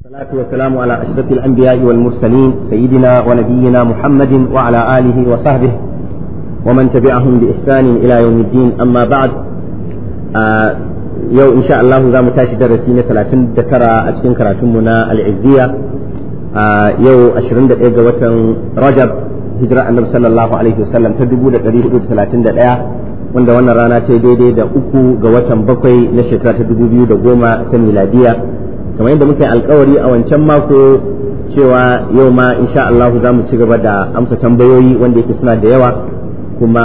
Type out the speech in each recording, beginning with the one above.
الصلاة والسلام على أشرف الأنبياء والمرسلين سيدنا ونبينا محمد وعلى آله وصحبه ومن تبعهم بإحسان إلى يوم الدين أما بعد آه يو إن شاء الله ذا متاشي درسين ثلاثين ذكرى أتكن كراتمنا العزية آه يو أشرين دقيقة وتن رجب هجرة النبي صلى الله عليه وسلم تدبو لقريب ثلاثين دقيقة wanda wannan rana ta daidai da uku ga watan bakwai na shekara ta dubu biyu da goma ta miladiya kamar yadda muka yi alkawari a wancan mako cewa yau ma insha Allah za mu ci gaba da amsa tambayoyi wanda yake suna da yawa kuma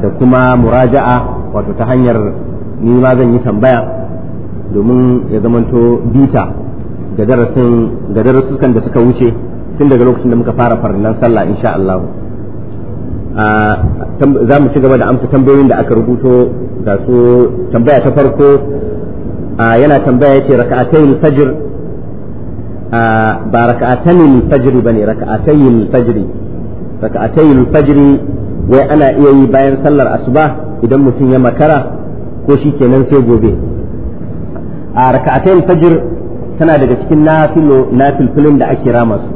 da kuma muraja'a wato ta hanyar ni ma zan yi tambaya domin ya zamanto bita ga darasin ga da suka wuce tun daga lokacin da muka fara farillan sallah insha Allah za mu ci gaba da amsa tambayoyin da aka rubuto ga su tambaya ta farko yana tambaya yace raka'atayn fajr ba raka'atayn fajr bane raka'atayn fajr raka'atayn fajr wai ana iya yi bayan sallar asuba idan mutum ya makara ko shi kenan sai gobe a raka'atayn fajr tana daga cikin nafilo nafilfilin da ake rama su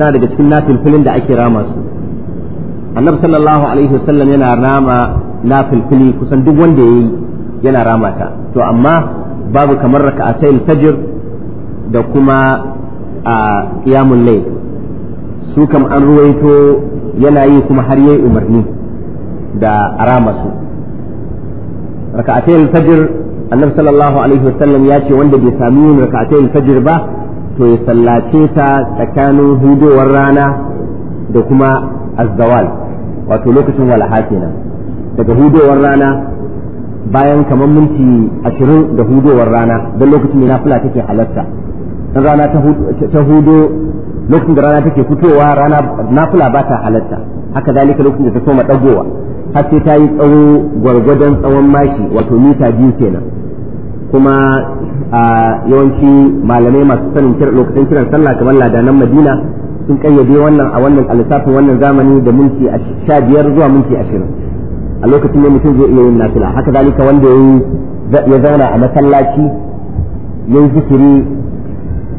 tana daga cikin nafilfilin da ake rama su annabi sallallahu alaihi wasallam yana rama nafilfili kusan duk wanda yayi yana rama ta to amma babu kamar raka'atayn fajr da kuma a ƙiyamun layl su kam an ruwaito yana yi kuma har yayi umarni da arama su raka'atayn fajr annabi sallallahu alaihi wasallam ya ce wanda bai sami yin raka'atayn fajr ba to ya sallace ta tsakanin hudowar rana da kuma azzawal wato lokacin walaha kenan daga hudowar rana bayan kamar minti ashirin da hudowar rana don lokacin da nafila take halatta in rana ta hudo lokacin da rana take fitowa rana nafila ba ta halatta haka zalika lokacin da ta soma dagowa har sai ta yi tsawo gwargwadon tsawon maki wato mita biyu kenan kuma a yawanci malamai masu sanin lokacin kiran sallah kamar ladanan madina sun kayyade wannan a wannan alisafin wannan zamani da minti sha biyar zuwa minti ashirin a lokacin ne mutum zai iya yin nafila haka zalika wanda ya zauna a masallaci ya yi zikiri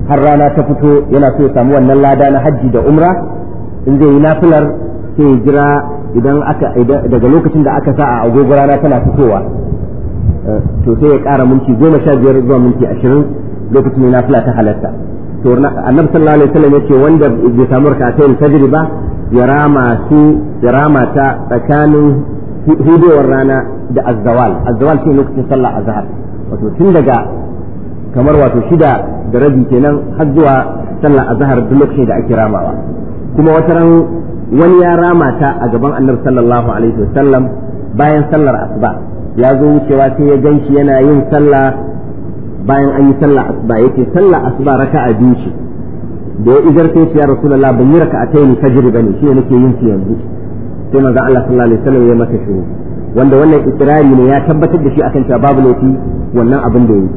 har rana ta fito yana so ya samu wannan lada na hajji da umra in zai yi nafilar sai ya jira idan aka daga lokacin da aka sa a agogo rana tana fitowa eh, to sai ya ƙara minti goma sha biyar zuwa minti ashirin lokacin nafila ta halatta to annabi sallallahu alaihi wasallam yace wanda bai samu rak'atayn fajr ba ya rama su ya rama ta tsakanin hudowar rana da azzawal azzawal shi lokacin sallah azhar wato tun daga kamar wato shida da rabi kenan har zuwa sallah azhar duk lokacin da ake ramawa kuma wata ran wani ya rama ta a gaban annabi sallallahu alaihi wasallam bayan sallar asuba ya zo wucewa sai ya ganshi yana yin sallah bayan an yi sallah asuba yace sallah asuba raka'a biyu ce da ya igar sai ya rasulullah ban yi raka'a ta ne fajr bane shi ne nake yin su yanzu sai manzon Allah sallallahu alaihi wasallam ya masa shiru wanda wannan ikirari ne ya tabbatar da shi akan cewa babu laifi wannan abin da yi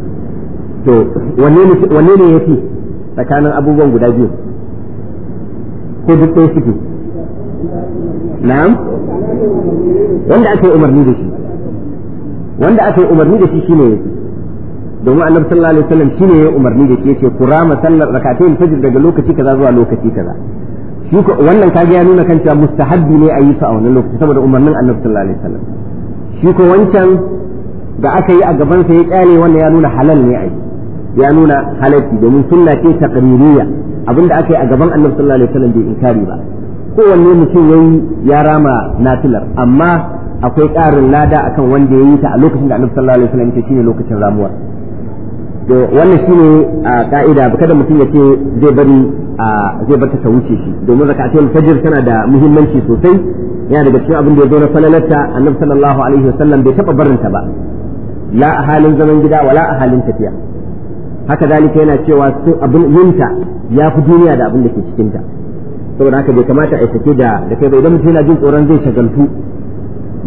to wanne ne wanne ne yafi tsakanin abubuwan guda biyu ko duk ɗaya suke na'am wanda aka yi umarni da shi wanda aka yi umarni da shi shine yafi domin annabi sallallahu alaihi wasallam shine ya umarni da shi yace ku rama sallar rakatain fajr daga lokaci kaza zuwa lokaci kaza wannan kage ya nuna kanta mustahabbi ne a yi sa a wannan lokaci saboda umarnin annabi sallallahu alaihi wasallam shi ko wancan da aka yi a gaban sa ya kyale wannan ya nuna halal ne a yi ya nuna halalci domin sunna ce taqririyya abinda aka yi a gaban annabi sallallahu alaihi wasallam bai inkari ba kowanne mutum yayi ya rama nafilar amma akwai ƙarin lada akan wanda ya yi ta a lokacin da annabi sallallahu alaihi wasallam ya ce lokacin ramuwar to wannan shine a ka'ida kada mutum ya ce zai bari zai bar ta wuce shi domin zakatul fajr tana da muhimmanci sosai yana daga cikin abin da ya zo na falalarta annabi sallallahu alaihi wasallam bai taba ta ba la a halin zaman gida wala a halin tafiya haka zalika yana cewa sun abin yinta ya fi duniya da abin da ke cikinta saboda haka bai kamata a sake da da kai ba idan mutum yana jin tsoron zai shagaltu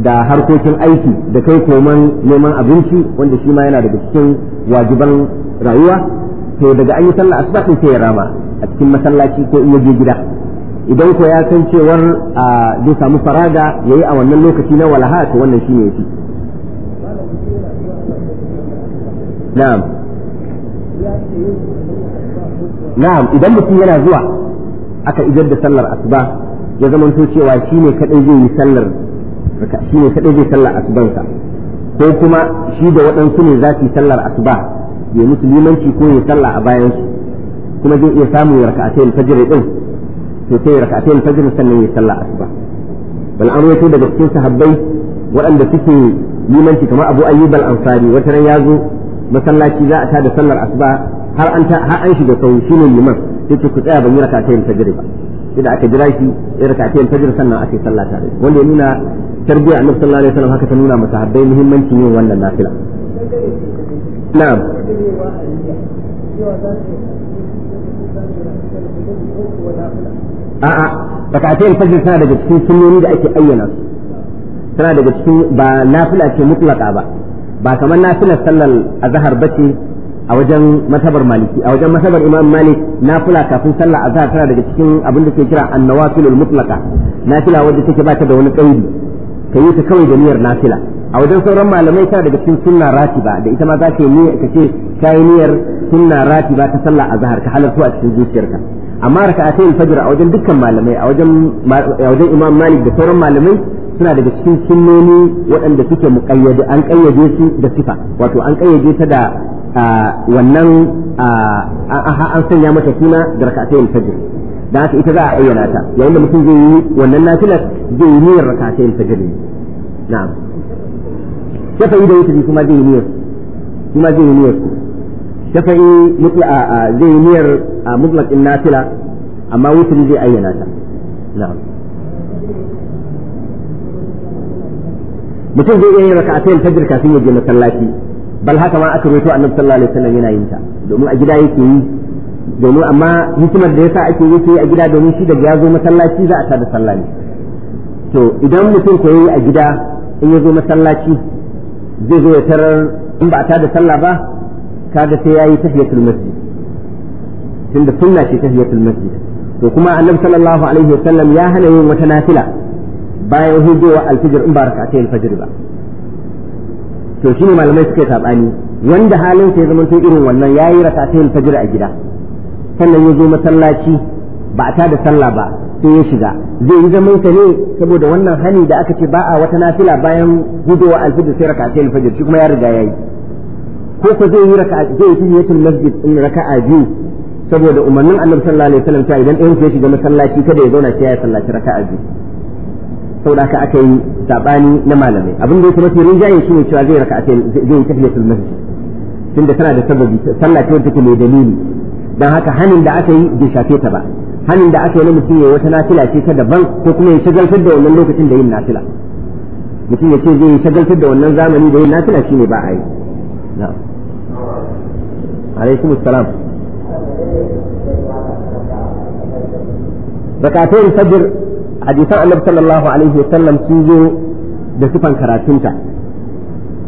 da harkokin aiki da kai koman neman abinci wanda shi ma yana daga cikin wajiban rayuwa to daga an yi sallah asuba din sai ya rama a cikin masallaci ko in je gida idan ko ya san cewar zai samu faraga yayi a wannan lokaci na walaha to wannan shi ne yafi na'am na'am idan mutum yana zuwa aka idar da sallar asuba ya zamanto cewa shine kadai zai yi sallar shi ne kaɗai zai sallar asubansa ko kuma shi da waɗansu ne za su yi sallar asuba ya musu limanci ko ya sallah a bayan su kuma zai iya samu ya raka'atayn fajr din to sai ya raka'atayn fajr sannan ya sallah asuba bal an rawaito daga cikin sahabbai waɗanda suke limanci kamar Abu Ayyub al-Ansari wata ran ya zo masallaci za a ta da sallar asuba har an har an shiga sau shine liman yace ku tsaya ban yi raka'atayn fajr ba idan aka jira shi ya raka'atayn fajr sannan aka yi sallah tare wanda ya nuna tarbiyya annabi sallallahu alaihi wasallam haka ta nuna masa habbai muhimmancin yin wannan nafila na'am a'a rak'atayn fajr tana daga cikin sunnoni da ake ayyana su tana daga cikin ba nafila ce mutlaka ba ba kamar nafilar sallar azhar bace a wajen masabar maliki a wajen masabar imam malik nafila kafin sallar azhar tana daga cikin abin da ke kira annawafilul mutlaqa nafila wadda take ba ta da wani kaidi ka yi ta kawai da niyyar nafila a wajen sauran malamai ta daga cikin sunna ba da ita ma za ka ce ka yi niyyar sunna ratiba ta sallah zahar ka halartu a cikin zuciyarka amma raka'atayil fajira a wajen dukkan malamai a wajen imam malik da sauran malamai suna daga cikin sunnoni waɗanda suke muƙayyade an ƙayyade su da sifa wato an ƙayyade ta da wannan an sanya mata suna da raka'atayil fajira. da haka ita za a ayyana ta yayin da mutum zai yi wannan nafilar zai yi niyyar yin fajr ne na'am shafa'i da yake kuma zai yi niyyar kuma zai yi niyyar shafa'i a zai yi niyyar mutlaq din nafila amma wutun zai ayyana ta na'am mutum zai ta yin ta fajr kafin ya je masallaci bal haka ma aka rawaito annabi sallallahu alaihi wasallam yana yin ta domin a gida yake yi domin amma hikimar da yasa ake yi a gida domin shi daga ya zo masallaci za a tada sallah ne to idan mutum ko yi a gida in ya zo masallaci zai zo ya tarar in ba a tada sallah ba kaga sai yayi tahiyatul masjid tunda sunna ce tahiyatul masjid to kuma annabi sallallahu alaihi wasallam ya hana yin wata nafila bayan hujewa alfijir in ba raka'atayn fajr ba to shine malamai suke sabani wanda halin sai zaman to irin wannan yayi raka'atayn fajr a gida sannan ya zo masallaci ba a tada sallah ba sai ya shiga zai yi zaman sa ne saboda wannan hani da aka ce ba a wata nafila bayan gudowa alfajir sai raka'a sai alfajir shi kuma ya riga yi ko ko zai yi raka'a zai yi tun masjid in raka'a biyu saboda umarnin annabi sallallahu alaihi wasallam ta idan ɗayan ya shiga masallaci kada ya zauna sai ya sallaci raka'a biyu saboda haka aka yi sabani na malamai abin da ya kuma tirin jayin shi ne cewa zai raka'a zai yi tun masjid tunda tana da sababi sallah ce take mai dalili don haka hannun da aka yi bai shafe ta ba hannun da aka yi na mutum ya wata nafila ce ta daban ko kuma ya shagaltar da wannan lokacin da yin nafila mutum ya ce zai yi shagaltar da wannan zamani da yin nafila shi ne ba a yi alaikum salam zakatun fajr hadisan annabi sallallahu alaihi wasallam sun zo da sufan karatunta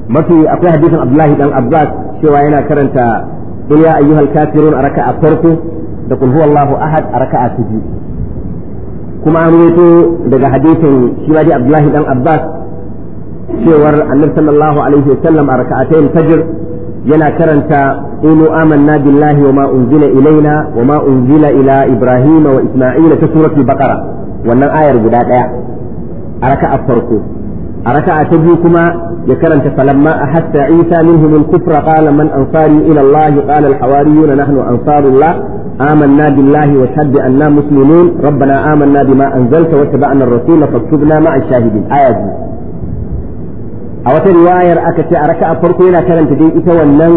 mafi akwai hadisin abdullahi dan abbas cewa yana karanta قل يا أيها الكافرون أركع فرقه da kul huwa Allahu ahad a raka'a ta biyu kuma an rawaito daga hadisin shi ma dai Abdullahi dan Abbas cewar Annabi sallallahu alaihi wasallam a raka'atayn fajr yana karanta qulu amanna billahi wa ma unzila ilaina wa ma unzila ila ibrahima wa isma'ila ta suratul baqara wannan ayar guda ɗaya a raka'a farko a raka'a ta biyu kuma ya karanta falamma a hatta isa minhum al-kufra qala man ansari ila allah qala al-hawariyuna nahnu ansarullah amanna billahi wa shahidna anna muslimun rabbana amanna bima anzalta wa tabi'na ar-rasul faktubna ma'a ash-shahidin ayati a wata riwayar aka ce a raka'a farko yana karanta dai ita wannan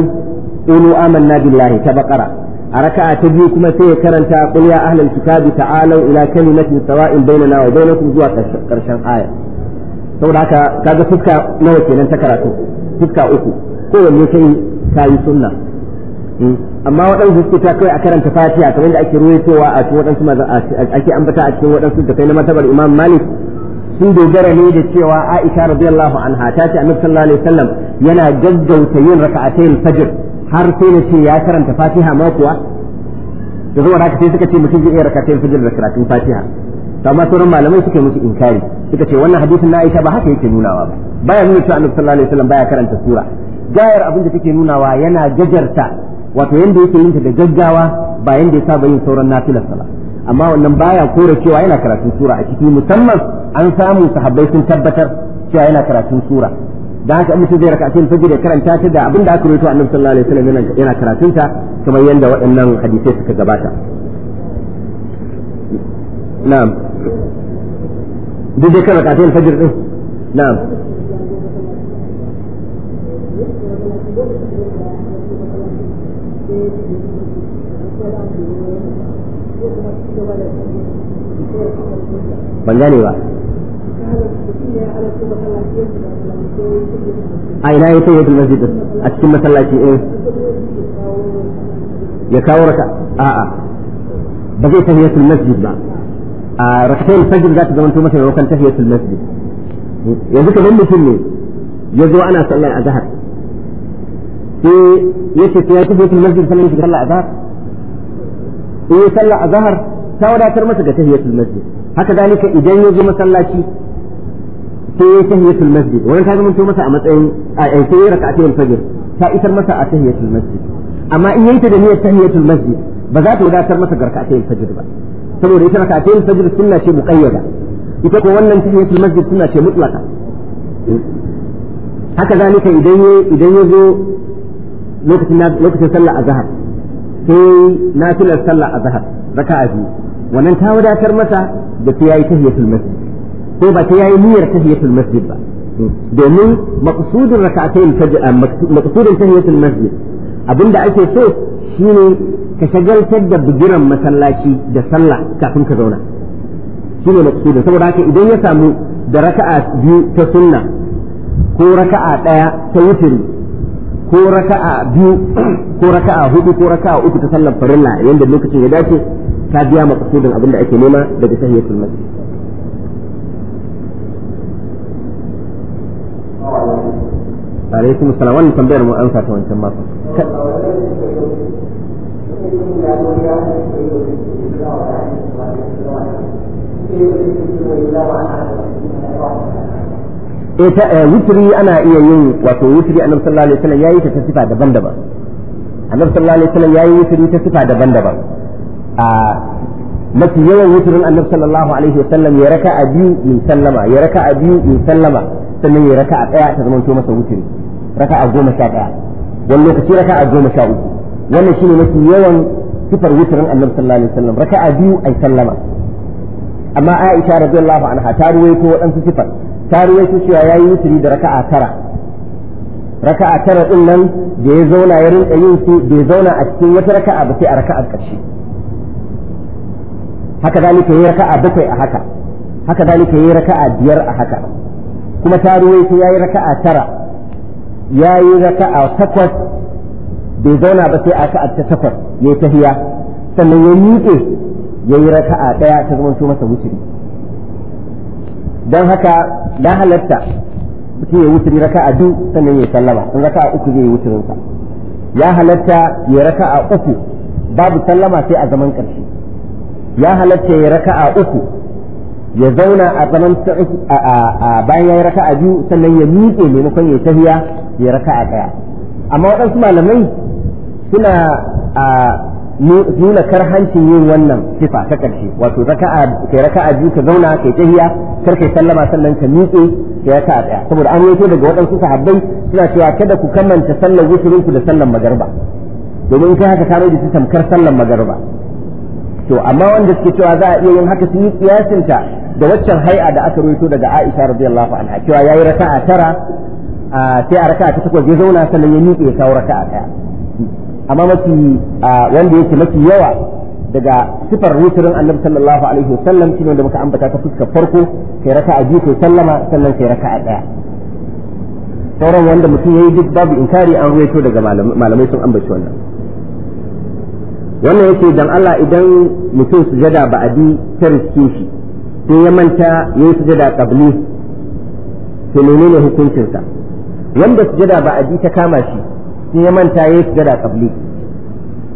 qulu amanna billahi ta baqara a raka'a ta biyu kuma sai ya karanta qul ya ahlal kitabi ta'alu ila kalimatin sawa'in bainana wa bainakum zuwa karshen ayat saboda haka kaga fuska nawa kenan ta karatu fuska uku kowanne kai kayi sunna eh, amma waɗansu suke ta kai a karanta fatiha kamar yadda ake ruwaitowa a cikin waɗansu ake ambata a cikin waɗansu da kai na matabar imam malik sun dogara ne da cewa aisha radiyallahu anha ta ce annabi sallallahu alaihi wasallam yana gaggauta yin raka'atayn fajr har sai na ce ya karanta fatiha ma kuwa da zuwa haka sai suka ce mutum zai iya raka'atayn fajr da karatun fatiha to amma sauran malamai suke musu inkari suka ce wannan hadisin na Aisha ba haka yake nunawa ba baya nuna cewa Annabi sallallahu alaihi wasallam baya karanta sura gayar abin da take nunawa yana gajarta wato yanda yake yin ta da gaggawa ba yanda ya saba yin sauran nafilar sala amma wannan baya kore cewa yana karatu sura a ciki musamman an samu sahabbai sun tabbatar cewa yana karatun sura da haka mutum zai raka cikin fajr ya karanta ta da abin da aka rubuta annabi sallallahu alaihi wasallam yana karatun ta kamar yanda waɗannan hadisai suka gabata na'am duk dai kan rakatun fajr din na'am ban gane ba a ina ya sai yadda masjid a cikin masallaci eh ya kawo raka a'a ba zai tahiyatul masjid ba a rakatayil fajr za ta zamanto masa maimakon tahiyatul masjid yanzu kaman mutum ne ya zo ana sallar zahar sai ya ce sai ya tafi tahiyatul masjid sannan shi sallar azhar in ya sallar azhar ta wadatar masa ga tahiyatul masjid haka zalika idan ya zo masallaci sai ya tahiyatul masjid wannan ta zamanto masa a matsayin a eh, sai ya rakatayil fajr ta isar masa a tahiyatul masjid amma in yayi ta da niyyar tahiyatul masjid ba za ta wadatar masa ga rakatayil fajr ba saboda ita rak'atayn fajr sunna ce muqayyada ita ko wannan tahiyatul masjid sunna ce mutlaka haka zalika idan ya idan yazo zo lokacin lokacin sallah azhar sai nafilar sallah azhar raka'a biyu wannan ta wadatar masa da ta yayi tahiyatul masjid ko ba ta yayi niyyar tahiyatul masjid ba domin maqsudin raka'atayn maqsudin tahiyatul masjid abinda ake so shine ka shagaltar da bigiran masallaci da sallah kafin ka zauna ne maqsudin saboda haka idan ya samu da raka'a biyu ta sunna ko raka'a ɗaya ta wutiri ko raka'a biyu ko raka'a hudu ko raka'a uku ta sallar farilla yanda lokacin ya dace ta biya maqsudin abin da ake nema daga tahiyatul masjid alaikum salam wannan tambayar mu an sa ta wancan ita eh, wutri ana iya yin wato wutri annabi sallallahu alaihi wasallam yayi ta ta sifa daban-daban annabi sallallahu alaihi wasallam yayi wutri ta sifa daban-daban a mafi yawan wutrin annab sallallahu alaihi wasallam ya raka a biyu in sallama ya raka a biyu in sallama sannan ya raka a daya ta zama to masa wutri raka a goma sha daya wani lokaci raka a goma sha uku wannan shine mafi yawan sifar witrin annabi sallallahu alaihi wasallam raka'a biyu ai sallama amma Aisha radiyallahu anha ta ruwaito waɗansu sifar ta ruwaito cewa yayi witri da raka'a tara raka'a tara din nan da ya zauna ya rinka yin su ya zauna a cikin wata raka'a ba sai a raka'a ƙarshe haka zalika yayi raka'a bakwai a haka haka zalika yayi raka'a biyar a haka kuma ta ruwaito yayi raka'a tara yayi raka'a takwas bai zauna ba sai aka ta takwas ya yi tahiya sannan ya miƙe ya yi raka a ɗaya ta zama masa wuturi don haka na halatta mutum ya wuturi raka a du sannan ya sallama in a uku zai yi wuturinsa ya halatta ya raka a uku babu sallama sai a zaman ƙarshe ya halatta ya raka a uku ya zauna a zaman a bayan ya yi raka a biyu sannan ya miƙe maimakon ya tahiya ya raka a ɗaya amma waɗansu malamai suna nuna karhancin yin wannan sifa ta ƙarshe wato raka'a kai raka'a biyu ka zauna kai tahiya kar kai sallama sannan ka miƙe kai raka'a daya saboda an yi daga waɗansu sahabbai suna cewa kada ku kamanta sallar wusurinku da sallar magarba domin kai haka karo da su tamkar sallar magarba to amma wanda suke cewa za a iya yin haka su yi kiyasinta da waccan hai'a da aka rubuto daga Aisha radiyallahu anha cewa yayi raka'a tara sai a raka'a ta takwas ya zauna sannan ya miƙe ya kawo raka'a daya amma mafi wanda yake mafi yawa daga sifar rusurin annabi sallallahu alaihi wasallam ne da muka ambata ta fuskar farko kai a biyu kai sallama sannan kai a daya sauran wanda mutum yayi duk babu inkari an ruwaito daga malamai sun ambaci wannan wannan yake dan Allah idan mutum su jada ba adi ta riske shi sai ya manta ya su jada qabli to menene hukuncinsa wanda su jada ba adi ta kama shi sai ya manta ya su jada qabli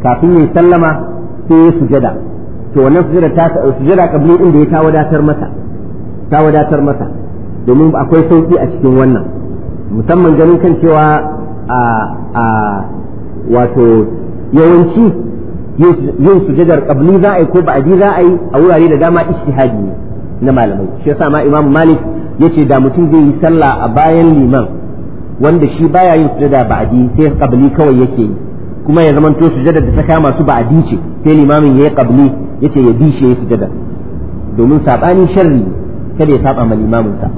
kafin ya sallama sai ya sujada to wannan sujada ta sujada kabli inda ya ta wadatar masa ta wadatar masa domin akwai sauki a cikin wannan musamman ganin kan cewa a a wato yawanci yin sujadar kabli za a yi ko ba'adi za a yi a wurare da dama ishtihadi ne na malamai shi yasa ma imam malik yace da mutum zai yi sallah a bayan liman wanda shi baya yin sujada ba'adi sai kabli kawai yake yi kuma ya zamanto sujada da ta kama su ba a dice sai limamin yayi qabli yace ya dice yayi sujada domin sabani sharri kada ya saba ma limamin sa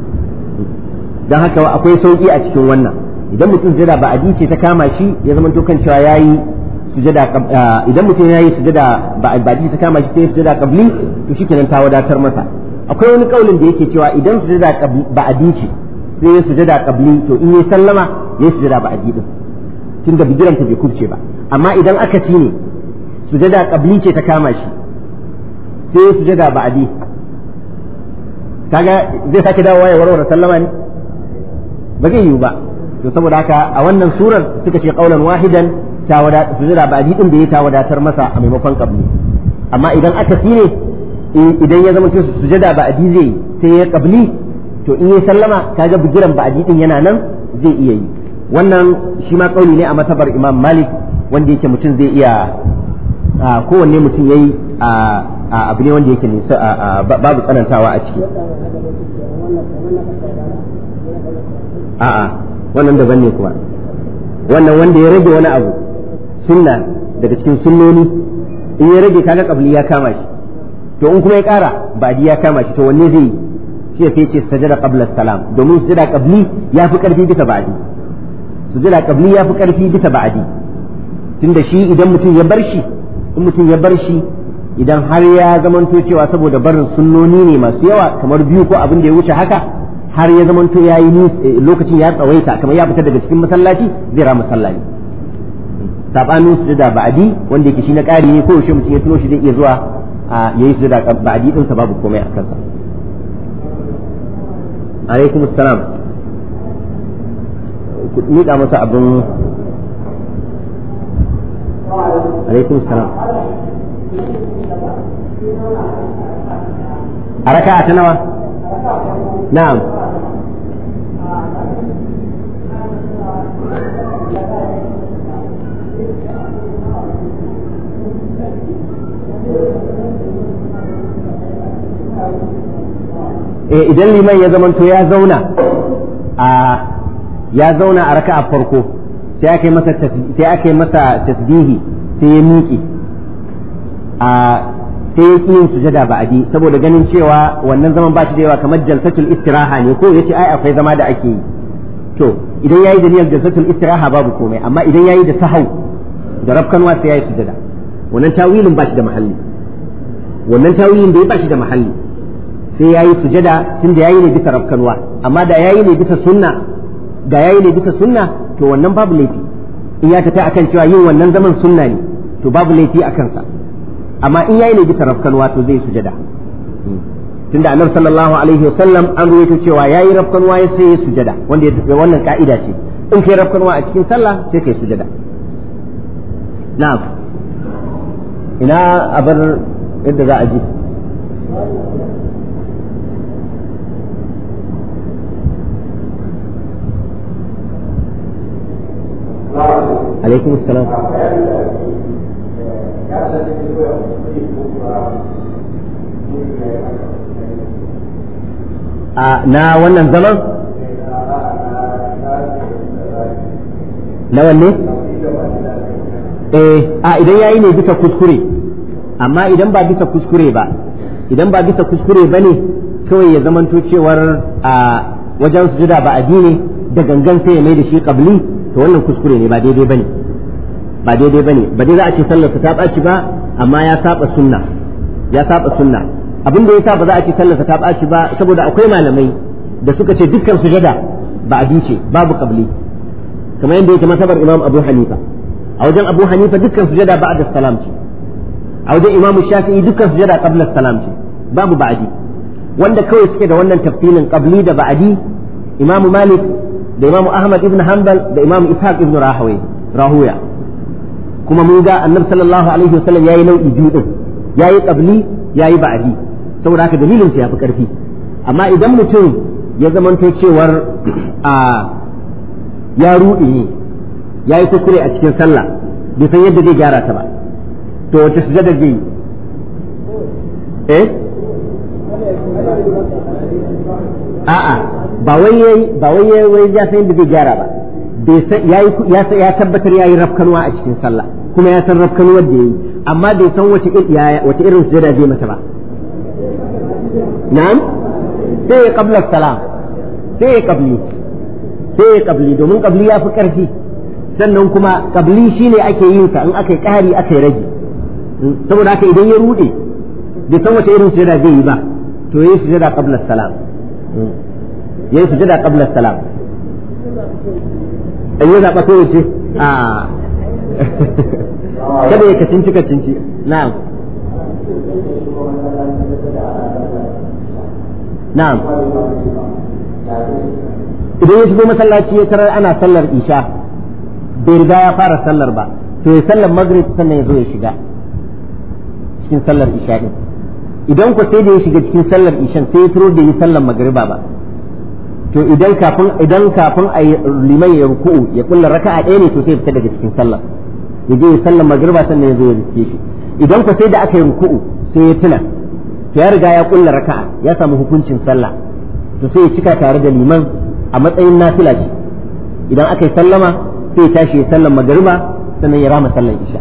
dan haka akwai sauki a cikin wannan idan mutum sujada ba a dice ta kama shi ya zamanto kan cewa yayi sujada idan mutum yayi sujada ba a dice ta kama shi sai sujada qabli to shi kenan ta wadatar masa akwai wani kaulin da yake cewa idan sujada ba a dice sai ya sujada qabli to in ya sallama ya sujada ba a dice da bigiranta bai kubce ba amma idan aka ci ne sujada qabli ce ta kama shi sai sujada ba'di kaga zai sake dawowa ya warware sallama ne ba zai yiwu ba to saboda haka a wannan surar suka ce qaulan wahidan tawada sujada ba'adi din da ya tawadatar masa a maimakon qabli amma idan aka ci ne idan ya zama sujada ba'adi zai sai ya qabli to in ya sallama kaga bigiran ba'adi din yana nan zai iya yi wannan shi ma kauli ne a matabar imam malik wanda yake mutum zai iya kowanne mutum ya yi a abu ne wanda yake nisa babu tsanantawa a ciki a'a wannan daban ne kuma wannan wanda ya rage wani abu sunna daga cikin sunnoni in ya rage kaga kabli ya kama shi to in kuma ya kara badi ya kama shi to wanne zai yi shi ya fice sajada qabla salam domin sujada qabli ya fi karfi bisa ba'di sujada qabli ya fi karfi bisa ba'di tunda shi idan mutum ya bar shi in mutum ya bar shi idan har ya zamanto cewa saboda barin sunnoni ne masu yawa kamar biyu ko abin da ya wuce haka har ya zamanto ya yi eh, lokacin ya tsawaita kamar ya fita daga cikin masallaci zai rama sallah ne su da ba'adi wanda yake shi na ƙari ne ko yaushe mutum ya tuno shi zai iya zuwa a yayi da ba'adi din sa babu komai a kansa alaikum assalam ku mika masa abin alaikum salam a raka'a ta nawa na'am idan liman ya zamanto ya zauna a ya zauna a raka'a farko sai aka yi masa tasbihi sai ya miƙe a sai ya yin sujada ba adi saboda ganin cewa wannan zaman ba shi da yawa kamar jalsatul istiraha ne ko ya yace ai akwai zama da ake yi to idan ya yi da niyyar jalsatul istiraha babu komai amma idan ya yi da sahau da rafkanwa sai ya yi sujada wannan tawilin ba shi da mahalli wannan tawilin da ya ba shi da mahalli sai ya yi sujada tun da ya yi ne bisa rafkanwa amma da yayi ne bisa sunna da yayi ne bisa sunna to wannan babu laifi in ya tafi akan cewa yin wannan zaman sunna ne to babu laifi a kansa amma in yayi bi tarafkanwa to zai sujada tunda annabi sallallahu alaihi wasallam an ruwaito cewa yayi rafkanwa ya sai ya sujada wanda wannan ka'ida ce in kai rafkanwa a cikin sallah sai kai sujada na'am ina abar yadda za a ji a na wannan zaman na wanne eh a idan yayi ne bisa kuskure amma idan ba bisa kuskure ba idan ba bisa kuskure ba ne kawai ya zamanto cewar a wajen sujuda ba ne da gangan sai ya mai da shi kabli to wannan kuskure ne ba daidai bane ba daidai bane ba dai za a ce sallar ta ɓaci ba amma ya saba sunna ya saba sunna abin da sa ba za a ce sallar ta ɓaci ba saboda akwai malamai da suka ce dukkan sujada ba a duce babu qabli kamar yadda yake masabar imam abu hanifa a wajen abu hanifa dukkan sujada ba'da salam ce a wajen imam shafi'i dukkan sujada qabla salam ce babu ba'adi wanda kawai suke da wannan tafsirin qabli da ba'adi imam malik da Imam Ahmad ibn Hanbal da Imam Ishaq ibn Rahawi Rahuya kuma mun ga Annabi sallallahu alaihi wasallam yayi nau'i biyu din yayi qabli yayi ba'di saboda haka dalilin sa yafi karfi amma idan mutum ya zamanto cewar a ya rudi yayi kuskure a cikin sallah bai san yadda zai gyara ta ba to wata sujada zai eh a'a ba wai yayi ba wai yayi ya san da zai gyara ba bai ya tabbatar yayi rafkanuwa a cikin sallah kuma ya san rafkanuwar da yayi amma bai san wace wace irin sujada zai mata ba na'am sai ya qabla salam sai ya qabli sai ya qabli domin qabli ya fi karfi sannan kuma qabli shine ake yin sa in aka yi ƙari aka yi rage hmm, saboda haka idan ya rude bai san wace irin sujada zai yi ba to yayi sujada qabla salam hmm. yayi sujada qabla salam in ya zaɓa sai ce a kada ya kacinci kacinci na'am na'am idan ya shigo masallaci ya tarar ana sallar isha bai riga ya fara sallar ba to ya sallar maghrib sannan ya zo ya shiga cikin sallar isha din idan ku sai da ya shiga cikin sallar ishan sai ya turo da yi sallar magriba ba to idan kafin idan kafin a liman ya ruku'u ya kulla raka'a ɗaya ne to sai fita daga cikin sallah ya je sallar magriba sannan ya zo ya riske shi idan ko sai da aka yi ruku'u sai ya tuna to ya riga ya kulla raka'a ya samu hukuncin sallah to sai ya cika tare da liman a matsayin nafila ce idan aka yi sallama sai ya tashi ya sallar magriba sannan ya rama sallar isha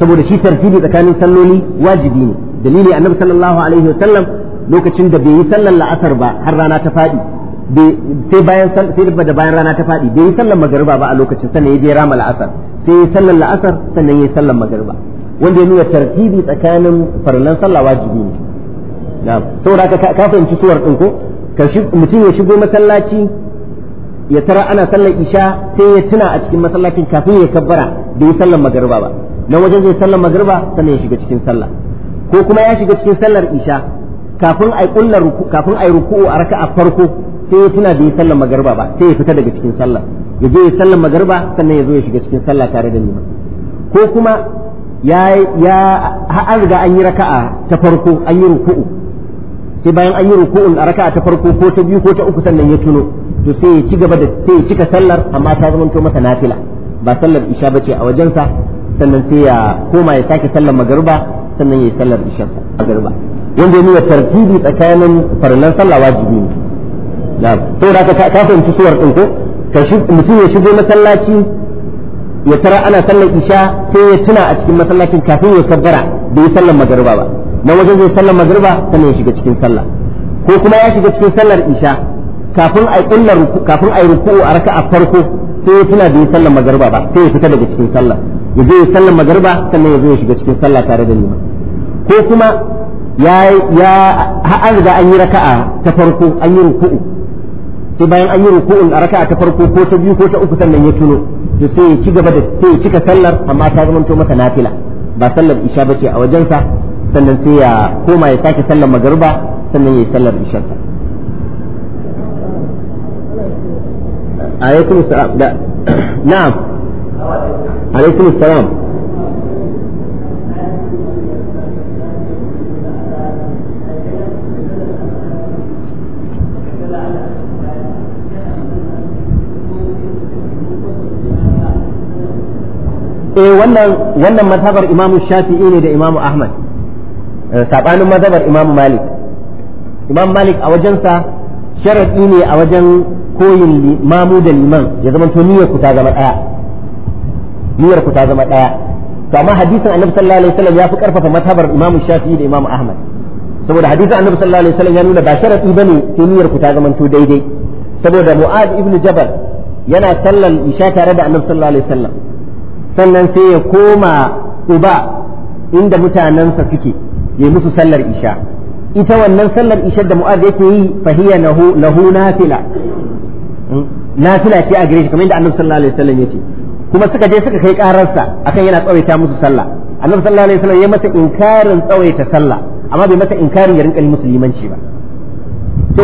saboda shi tartibi tsakanin salloli wajibi ne dalili annabi sallallahu alaihi wasallam lokacin da bai yi sallar la'asar ba har rana ta faɗi sai bayan sai da bayan rana ta faɗi bai yi sallar magariba ba a lokacin sannan ya je rama la'asar sai ya sallar la'asar sannan ya yi sallar magariba wanda ya nuna tartibi tsakanin farlan sallah wajibi ne na'am saboda ka ka fahimci suwar din ko mutum ya shigo masallaci ya tara ana sallar isha sai ya tuna a cikin masallacin kafin ya kabbara bai yi sallar magariba ba nan wajen zai sallar magariba sannan ya shiga cikin sallah ko kuma ya shiga cikin sallar isha kafin ai kullar kafin ai ruku'u a raka'a farko sai ya tuna bai sallar magarba ba sai ya fita daga cikin sallar ya je ya sallar magarba sannan ya zo ya shiga cikin sallah tare da liman ko kuma ya ya an riga an yi raka'a ta farko an yi ruku'u sai bayan an yi ruku'un a raka'a ta farko ko ta biyu ko ta uku sannan ya tuno to sai ya ci gaba da sai ya cika sallar amma ta zama to masa nafila ba sallar isha bace a wajensa sannan sai ya koma ya sake sallar magarba sannan ya yi sallar isha magarba wanda ya nuna tartibi tsakanin farallan sallah wajibi ne na'am to da ka ka fahimci suwar din ko ka shi mutum ya shigo masallaci ya tara ana sallar isha sai ya tuna a cikin masallacin kafin ya kabbara bai ya sallar magariba ba na wajen zai sallar magariba sannan ya shiga cikin sallah ko kuma ya shiga cikin sallar isha kafin a kulla kafin a yi ruku'u a raka'a farko sai ya tuna bai ya sallar magariba ba sai ya fita daga cikin sallah ya je ya sallar magariba sannan ya zo ya shiga cikin sallah tare da ni ko kuma ya ya har an riga an yi raka'a ta farko an yi ruku'u sai bayan an yi ruku'un a raka'a ta farko ko ta biyu ko ta uku sannan ya tuno to sai ya ci gaba da sai ya cika sallar amma ta zama masa nafila ba sallar isha bace a wajensa sannan sai ya koma ya sake sallar magariba sannan ya yi sallar isha sa alaikum salam da na'am alaikum salam eh wannan wannan mazhabar Imam Shafi'i ne da Imam Ahmad eh, sabanin mazhabar Imam Malik Imam Malik a wajensa sharadi ne a wajen koyin mamu da liman ya zama to niyyar ku ta zama daya niyyar ku ta zama daya to amma hadisin Annabi sallallahu alaihi wasallam ya fi karfafa mazhabar Imam Shafi'i da Imam Ahmad saboda hadisin Annabi sallallahu alaihi wasallam ya nuna ba sharadi bane to niyyar ku ta zama to daidai saboda Mu'ad ibn Jabal yana sallan isha tare da Annabi sallallahu alaihi wasallam sannan sai ya koma uba inda mutanensa suke ya musu sallar isha ita wannan sallar isha da mu'ad yake yi fahiya lahu lahu nafila hmm? nafila ce a gare shi kamar yadda annabi sallallahu alaihi wasallam yace kuma suka je suka kai kararsa akan yana tsawaita musu sallah annabi sallallahu alaihi wasallam ya masa inkarin tsawaita sallah amma bai masa inkarin ya rinka musulmanci ba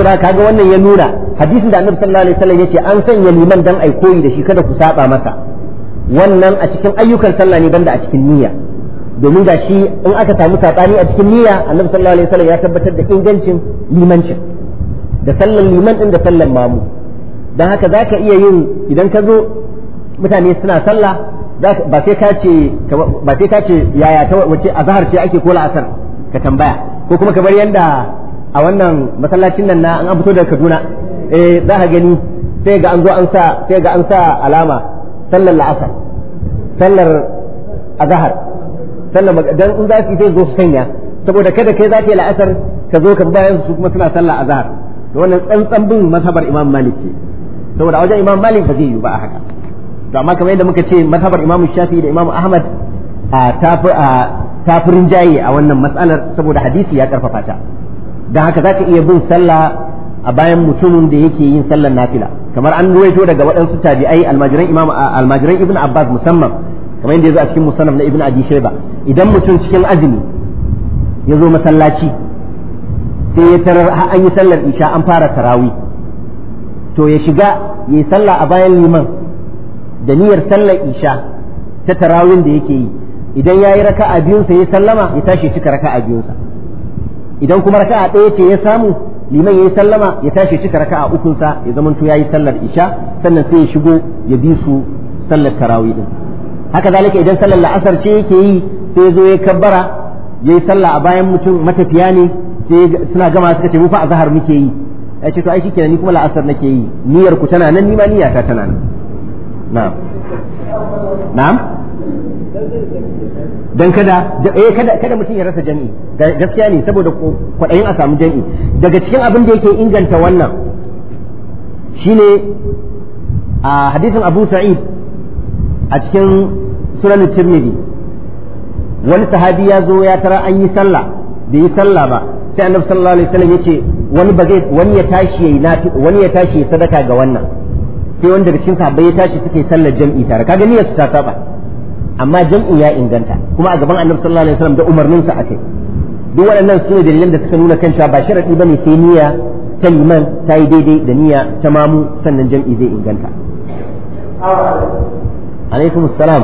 da kaga wannan ya nuna hadisin da annabi sallallahu alaihi wasallam yace an sanya liman dan ai koyi da shi kada ku saba masa wannan a cikin ayyukan sallah ne banda a cikin niyya domin ga shi in aka samu saɓani a cikin niyya annabi sallallahu alaihi wasallam ya tabbatar da ingancin limancin da sallan liman din da sallan mamu Dan haka zaka iya yin idan ka zo mutane suna sallah ba sai ka ce ba sai ka ce yaya ta wace azhar ce ake kola asar ka tambaya ko kuma ka bar yanda a wannan masallacin nan na an fito daga Kaduna eh za ka gani sai ga an zo an sa sai ga an sa alama sallar la'asar sallar azahar sallar dan in za su yi zo su sanya saboda kada kai za ka yi la'asar ka zo ka bayan su kuma suna sallar azahar da wannan tsantsan bin mazhabar imam malik ce saboda a wajen imam malik ba zai yi ba a haka to amma kamar yadda muka ce mazhabar imam shafi da imam ahmad a tafi a tafirin jaye a wannan matsalar saboda hadisi ya karfafa ta don haka za ka iya bin sallah a bayan mutumin da yake yin sallar nafila kamar an ruwaito daga waɗansu tabi'ai almajiran imam almajiran ibnu abbas musamman kamar yadda yazo a cikin musannaf na Ibn abi shayba idan mutum cikin azumi ya zo masallaci sai ya tarar an yi sallar isha an fara tarawi to ya shiga ya yi sallah a bayan liman da niyyar sallar isha ta tarawin da yake yi idan ya yi raka'a biyunsa ya sallama ya tashi cika raka'a biyunsa idan kuma raka'a ɗaya ce ya samu liman yayi sallama ya tashi cika raka'a ukun sa ya zamanto yi sallar isha sannan sai ya shigo ya bi su sallar tarawih din haka zalika idan sallar la'asar ce yake yi sai zo ya kabbara yayi sallah a bayan mutum matafiya ne sai suna gama suka ce mu fa azhar muke yi ya ce to ai shikenan ni kuma la'asar nake yi niyyar ku tana nan ni ma niyyata tana nan na'am na'am dan kada eh kada kada mutum ya rasa jami'i gaskiya ne saboda kwaɗayin a samu jami'i daga cikin abin da yake inganta wannan shine a hadisin Abu Sa'id a cikin sunan Tirmidhi wani sahabi ya zo ya tara an yi sallah bai yi sallah ba sai annabi sallallahu alaihi wasallam yace wani ba wani ya tashi yayi wani ya tashi sadaka ga wannan sai wanda daga cikin sahabbai ya tashi suke sallar jami'i tare kaga niyyar su ta saba amma jam'u ya inganta kuma a gaban annabi sallallahu alaihi wasallam da umarninsa akai duk waɗannan su ne dalilan da suka nuna kan cewa ba sharadi bane sai niyya ta liman ta yi daidai da niyya ta mamu sannan jam'i zai inganta alaikum assalam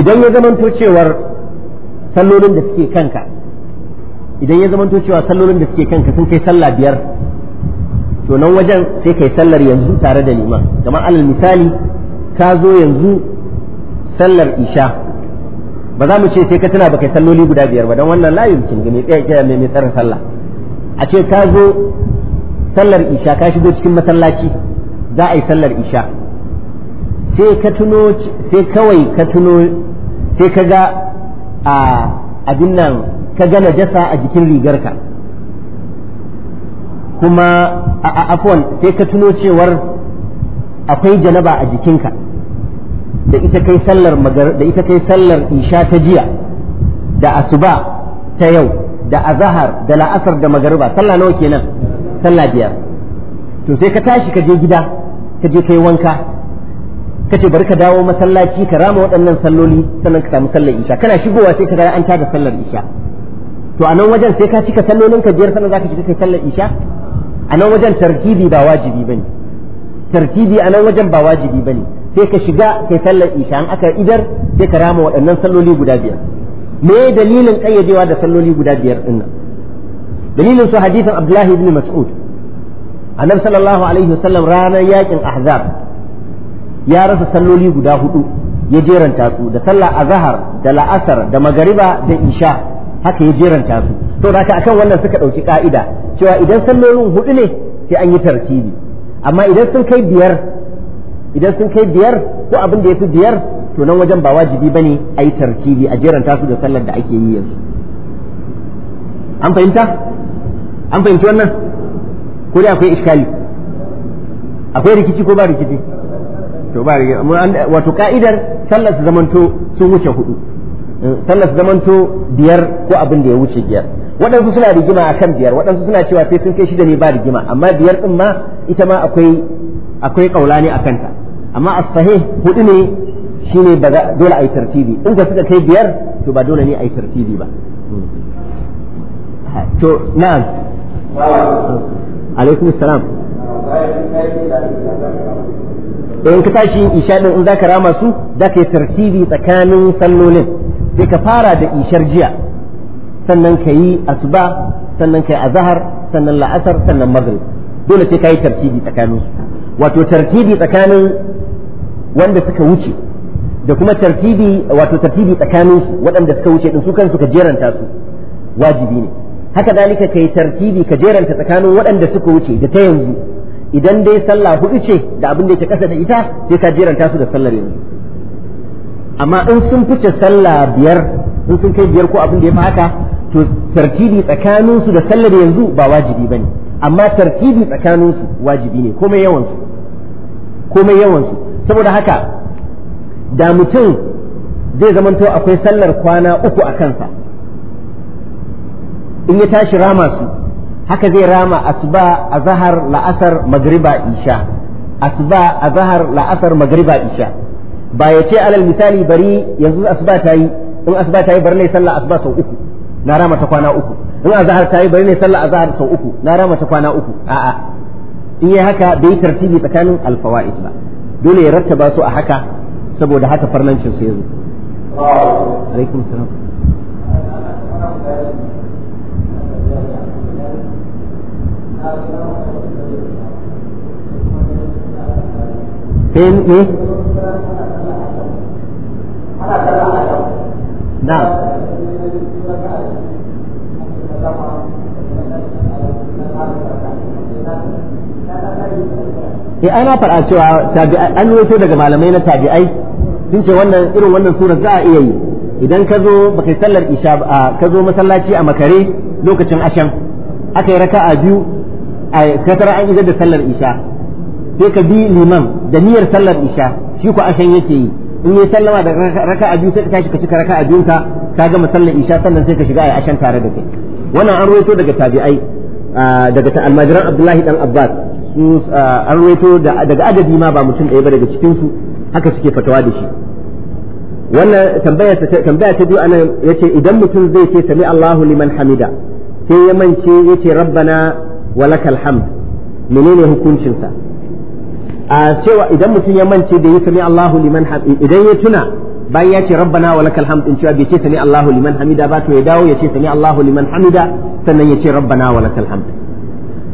idan ya zamanto cewar sallolin da suke kanka idan ya zamanto cewa sallolin da suke kanka sun kai sallah biyar to nan wajen sai kai sallar yanzu tare da liman kamar alal misali ka zo yanzu sallar isha ba za mu ce sai ka tuna ba kai salloli guda biyar ba don wannan la yumkin ga mai tsaya mai mai tsarin sallah a ce ka zo sallar isha ka shigo cikin masallaci za a yi sallar isha sai ka tuno sai kawai ka tuno sai ka ga a abin nan ka ga najasa a jikin rigarka kuma a afwan sai ka tuno cewar akwai janaba a jikinka da ita kai sallar magar da ita kai sallar isha ta jiya da asuba ta yau da azahar da la'asar da magariba sallah nawa kenan sallah biyar to sai ka tashi ka je gida ka je kai wanka ka ce bari ka dawo masallaci ka rama waɗannan salloli sannan ka samu sallar isha kana shigowa sai ka ga an tada sallar isha to a nan wajen sai ka cika sallolin ka biyar sannan zaka shiga kai sallar isha a nan wajen tartibi ba wajibi bane tartibi a nan wajen ba wajibi bane sai ka shiga kai sallar isha an aka idar sai ka rama waɗannan salloli guda biyar me dalilin kayyadewa da salloli guda biyar din nan dalilin su hadisin Abdullahi ibn Mas'ud annabi sallallahu alaihi wasallam ranar yakin ahzab ya rasa salloli guda hudu ya jeranta su da sallar azhar da la'asar da magariba da isha haka ya jeranta su to da akan wannan suka ɗauki ka'ida cewa idan sallolin hudu ne sai an yi tartibi amma idan sun kai biyar idan sun kai biyar ko abin da ya fi biyar to nan wajen ba wajibi bane a yi tartibi a jeranta su da sallar da ake yi yanzu an fahimta an fahimci wannan ko dai akwai iskali akwai rikici ko ba rikici to ba rikici wato ka'idar sallar su zamanto sun wuce hudu sallar su zamanto biyar ko abin da ya wuce biyar waɗansu suna rigima akan biyar waɗansu suna cewa sai sun kai shida ne ba rigima amma biyar ɗin ma ita ma akwai akwai ne a kanta amma a sahih hudu ne ne ba dole a yi tartibi in ka suka kai biyar to ba dole ne a yi tartibi ba to na'am alaikum salam eh, in ka tashi isha ɗin in za ka rama su ka yi tartibi tsakanin sallolin sai ka fara da ishar jiya sannan ka yi asuba sannan ka yi azahar sannan la'asar sannan maghrib dole sai ka yi tartibi tsakanin su wato tartibi tsakanin wanda suka wuce da kuma tartibi wato tartibi tsakanin su waɗanda suka wuce din su kansu ka jeranta su wajibi ne haka dalika yi tartibi ka jeranta tsakanin waɗanda suka wuce da ta yanzu idan dai sallah hudu ce da abin da yake kasa da ita sai ka jeranta su da sallar yanzu amma in sun fice sallah biyar in sun kai biyar ko abin da ya fi haka to tartibi tsakanin su da sallar yanzu ba wajibi bane amma tartibi tsakanin su wajibi ne komai yawan su komai yawan su saboda haka da mutum zai zamanto akwai sallar kwana uku a kansa in ya tashi rama su haka zai rama asuba azhar la'asar magriba isha asuba azhar la'asar magriba isha ba ya ce alal misali bari yanzu asuba ta yi in asuba ta yi bari ne sallah asuba sau uku na rama ta kwana uku in azhar ta yi bari ne sallah azhar sau uku na rama ta kwana uku a'a in yi haka bai tartibi tsakanin alfawaid ba dole ya rattaba su a haka saboda haka farnancin su yanzu alaikum salam sai ne eh? na'am eh ai na faɗa cewa an rawaito daga malamai na tabi'ai sun ce wannan irin wannan sura za a iya yi idan ka zo baka yi sallar isha ba ka zo masallaci a makare lokacin ashan aka yi raka'a biyu a katara an idar da sallar isha sai ka bi liman da niyyar sallar isha shi ko ashan yake yi in yi sallama da raka a biyu sai ka tashi ka cika raka a biyun ka ka gama sallar isha sannan sai ka shiga a ashan tare da kai wannan an ruwaito daga tabi'ai daga ta almajiran abdullahi dan abbas su an ruwaito daga adadi ma ba mutum ɗaya ba daga cikin su haka suke fatawa da shi wannan tambaya ta biyu anan yace idan mutum zai ce sami Allahu liman hamida sai ya mance yace rabbana walakal hamd menene hukuncinsa a cewa idan mutum ya mance da yi sami Allahu liman idan ya tuna bayan ya ce rabbana wa lakal hamd in cewa bai ce sami Allahu liman hamida ba to ya dawo ya ce sami Allahu liman hamida sannan ya ce rabbana wa lakal hamd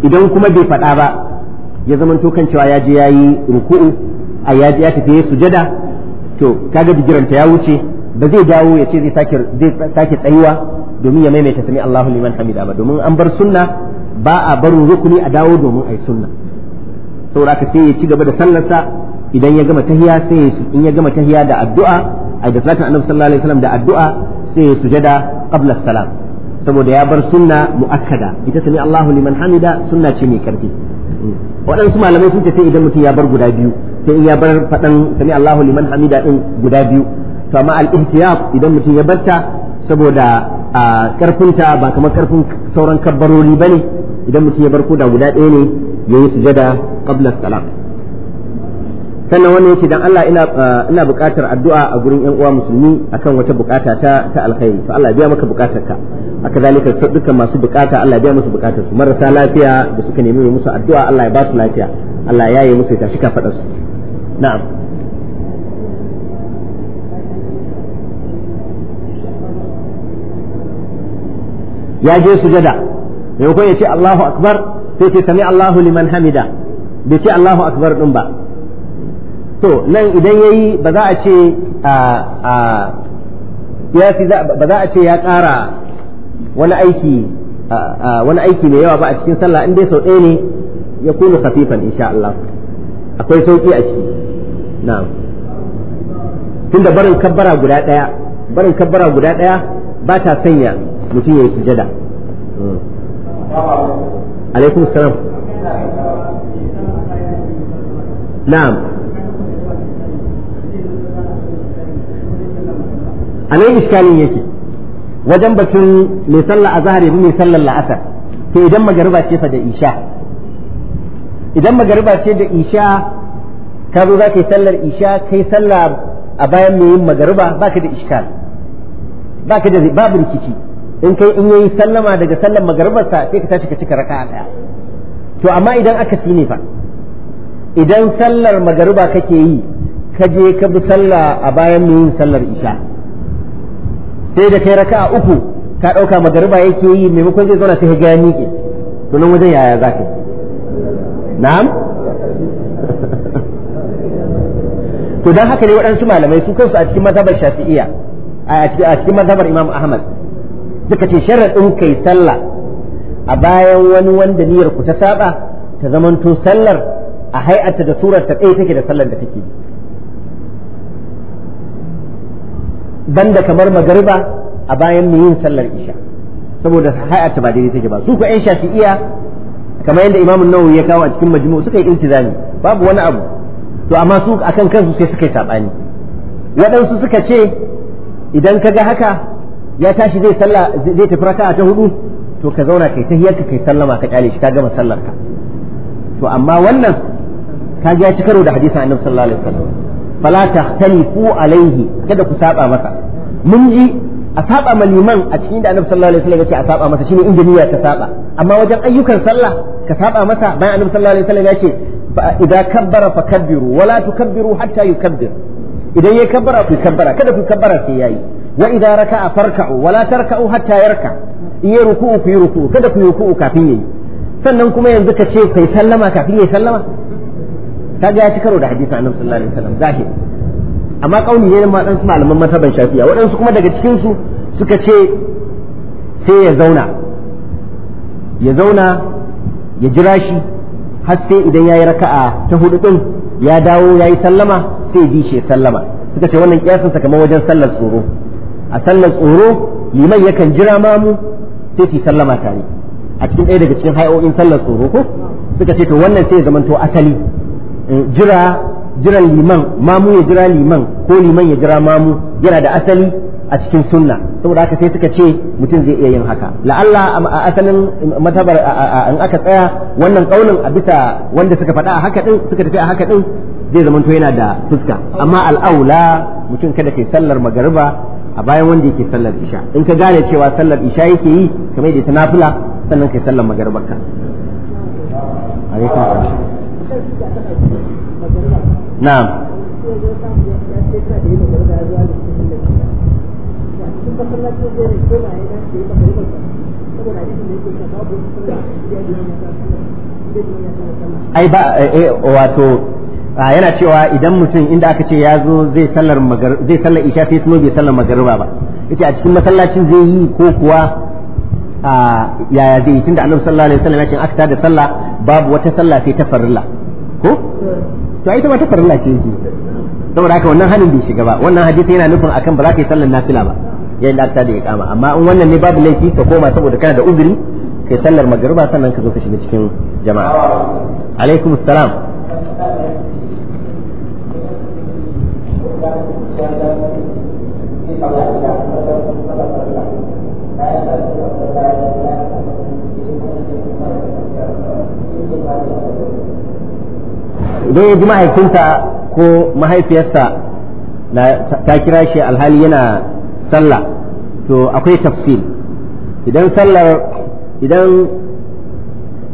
idan kuma bai faɗa ba ya zamanto kan cewa ya je yayi ruku'u a ya ya tafi ya sujada to kaga digiranta ya wuce ba zai dawo ya ce zai sake zai sake tsayuwa domin ya maimaita sami Allahu liman hamida ba domin an bar sunna ba a barin rukuni a dawo domin ai sunna saboda sai ya ci gaba da sallarsa idan ya gama tahiya sai in ya gama tahiya da addu'a ai da salatin annabi sallallahu alaihi wasallam da addu'a sai ya sujada qabla salam saboda ya bar sunna muakkada ita sami Allahu liman hamida sunna ce mai karfi waɗansu malamai sun ce sai idan mutum ya bar guda biyu sai in ya bar faɗan sami Allahu liman hamida din guda biyu to amma al-ihtiyab idan mutum ya barta saboda a karfinta ba kamar karfin sauran kabbaroli bane idan mutum ya bar koda guda ɗaya ne yayi sujada قبل salam سنة wani yake dan Allah ina بكاتر ah, الدعاء addu'a a wurin مسلمي uwa musulmi akan wata الخير ta ta alkhairi to Allah ya biya maka buƙatarka haka zalika dukkan masu bukata Allah ya biya musu buƙatar su marasa lafiya da suka nemi musu addu'a Allah ya ba su lafiya Allah ya yi musu tashi ka faɗa su na'am ya je sujada maimakon ya ce Allahu akbar sai ce sami Allahu liman hamida bai ce Allahu akbar din ba to nan idan yayi ba za a ce a a ya fi ba za a ce ya ƙara wani aiki wani aiki mai yawa ba a cikin sallah in dai sau ɗaya ne ya kunu khafifan insha Allah akwai sauki a ciki na'am tunda barin kabbara guda ɗaya barin kabbara guda ɗaya ba ta sanya mutum ya yi sujada hmm. alaikum salam na'am a nan iskalin yake wajen batun mai sallah azhar yabi mai sallar la'asar to idan magariba ce fa da isha idan magariba ce da isha ka za ka sallar isha kai sallah a bayan mai yin magariba baka da iskal baka da babu rikici in kai in yayi sallama daga sallar magaribarsa sai ka tashi ka cika raka'a daya to amma idan aka ne fa idan sallar magariba kake yi ka je ka bi sallah a bayan mu yin sallar isha sai da kai raka'a uku ka ɗauka magariba yake yi maimakon zai zauna sai ga ya miƙe to nan wajen yaya za ka na'am to dan haka ne waɗansu malamai su kansu a cikin mazhabar shafi'iyya a cikin mazhabar imam ahmad suka ce sharaɗin kai salla a bayan wani wanda niyyar ku ta saba ta zamanto sallar a hai'arta da surar ta ɗaya take da sallar da take banda kamar magariba a bayan mu yin sallar isha saboda hai'arta ba daidai take ba su ka ƴan shafi'iya kamar yadda imamun nawawi ya kawo a cikin majmu suka yi iltizami babu wani abu to amma su akan kansu sai suka yi sabani waɗansu suka ce idan ka ga haka ya tashi zai sallah zai tafi ta hudu to ka zauna kai tahiyarka kai sallama ka kyale shi ka gama sallar ka to amma wannan kaga ya ci karo da hadisin annabi sallallahu alaihi wasallam fala tahtalifu alaihi kada ku saba masa mun ji a saba ma liman a cikin da annabi sallallahu alaihi wasallam ya ce a saba masa shine injiniya ta saba amma wajen ayyukan sallah ka saba masa bayan annabi sallallahu alaihi wasallam ya ce idza kabbara fakabbiru wala tukabbiru hatta yukabbir idan ya kabbara ku kabbara kada ku kabbara sai yayi wa idza raka'a farka'u wala tarka'u hatta yarka in yi ruku'u ku yi ruku'u kada ku yi ruku'u kafin yayi sannan kuma yanzu ka ce kai sallama kafin yayi sallama kaga ya ci karo da hadisin annabi sallallahu alaihi wasallam zahir amma kauni ne ma dan malaman mazhaban shafi'a waɗansu kuma daga cikin su suka ce sai ya zauna ya zauna ya jira shi har sai idan yayi raka'a ta hudu din ya dawo yayi sallama sai bi shi sallama suka ce wannan kiyasin kamar wajen sallar tsoro a sallar tsoro liman yakan jira mamu sai su sallama tare a cikin ɗaya daga cikin hayoyin sallar tsoro ko suka ce to wannan sai ya zamanto asali Eh, jira jiran liman mamu ya jira liman ko liman ya jira mamu yana da asali a cikin sunna saboda haka sai suka ce mutum zai iya yin haka la'alla a asalin matabar in aka tsaya wannan kaunin a bisa wanda suka faɗa a haka din suka tafi a haka din zai zama zamanto yana da fuska amma al'aula mutum kada kai sallar magariba a bayan wanda yake sallar isha in ka gane cewa sallar isha yake yi kamar yadda ta nafila sannan kai sallar magaribarka alaikum نعم ai ba eh, eh, wato yana cewa idan mutum inda aka ce ya zo zai sallar isha sai kuma bai sallar magariba ba yace a cikin masallacin zai yi ko kuwa yaya zai yi tunda annabi sallallahu alaihi wasallam ya ce akta da sallah babu wata sallah sai ta farilla ko to ai ta ma ta farilla ce yake saboda haka wannan hanin bai shiga ba wannan hadisi yana nufin akan ba za ka yi sallar nafila ba yayin da akta da ya kama amma in wannan ne babu laifi ka koma saboda kana da uzuri kai sallar magruba sannan ka zo ka shiga cikin jama'a alaikum assalam Thank you. idan ya ji mahaifinta ko mahaifiyarsa ta kira shi alhali yana sallah to akwai tafsil idan sallar idan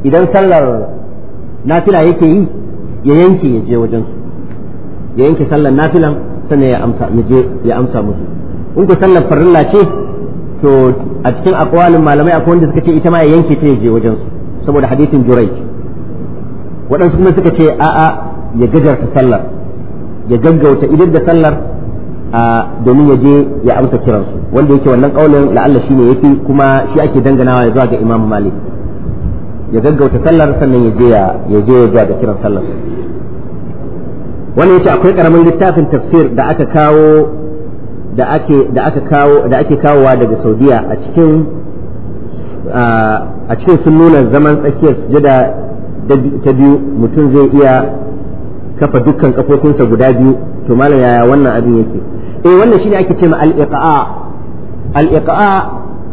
idan sallar nafila yake yi ya yanke ya je wajen su ya yanke sallar nafilan sannan ya amsa ya je ya amsa musu in ku sallar farilla ce to a cikin akwalin malamai akwai wanda suka ce ita ma ya yanke ta ya je wajen su saboda hadisin jurai waɗansu kuma suka ce a'a ya gajarta sallar ya gaggauta idan da sallar a domin ya je ya amsa kiransu wanda yake wannan ƙaunin la'alla ya fi kuma shi ake danganawa ya zuwa ga Imam Malik ya gaggauta sallar sannan ya je ya zo ya zuwa ga kiran sallar wannan yace akwai karamin littafin tafsir da aka kawo da ake da aka kawo da ake kawowa daga Saudiya a cikin a cikin sunnunan zaman tsakiyar sujada ta biyu mutum zai iya kafa dukkan kafofinsa guda biyu to malam yaya wannan abin yake eh wannan shine ake cewa al-iqa'a al-iqa'a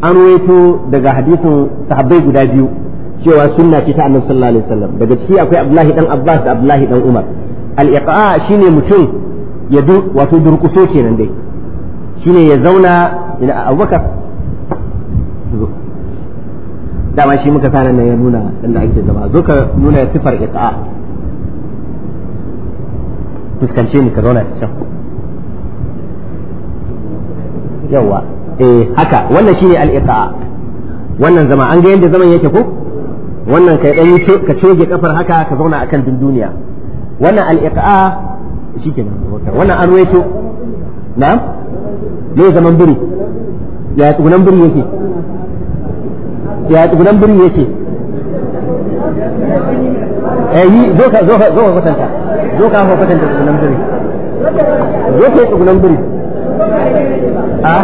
an waito daga hadisin sahabbai guda biyu cewa sunna ce ta annabi sallallahu alaihi wasallam daga ciki akwai abdullahi dan abbas da abdullahi dan umar al-iqa'a shine mutum ya du wato durkuso kenan dai shine ya zauna ina abubakar dama shi muka sanan nan ya nuna inda ake zama zo ka nuna sifar ita fuskance ni ka zauna can yawa eh haka wannan shine al-iqa wannan zama an ga yadda zaman yake ko wannan kai dan ka coge kafar haka ka zauna akan duniya wannan al-iqa shikenan wannan an ruwaito na ne zaman biri ya tsunan biri yake ya tsibiran birni yake eh yi zo ka zo ka zo ka kwatanta zo ka ka kwatanta tsibiran birni zo ka tsibiran birni a ah?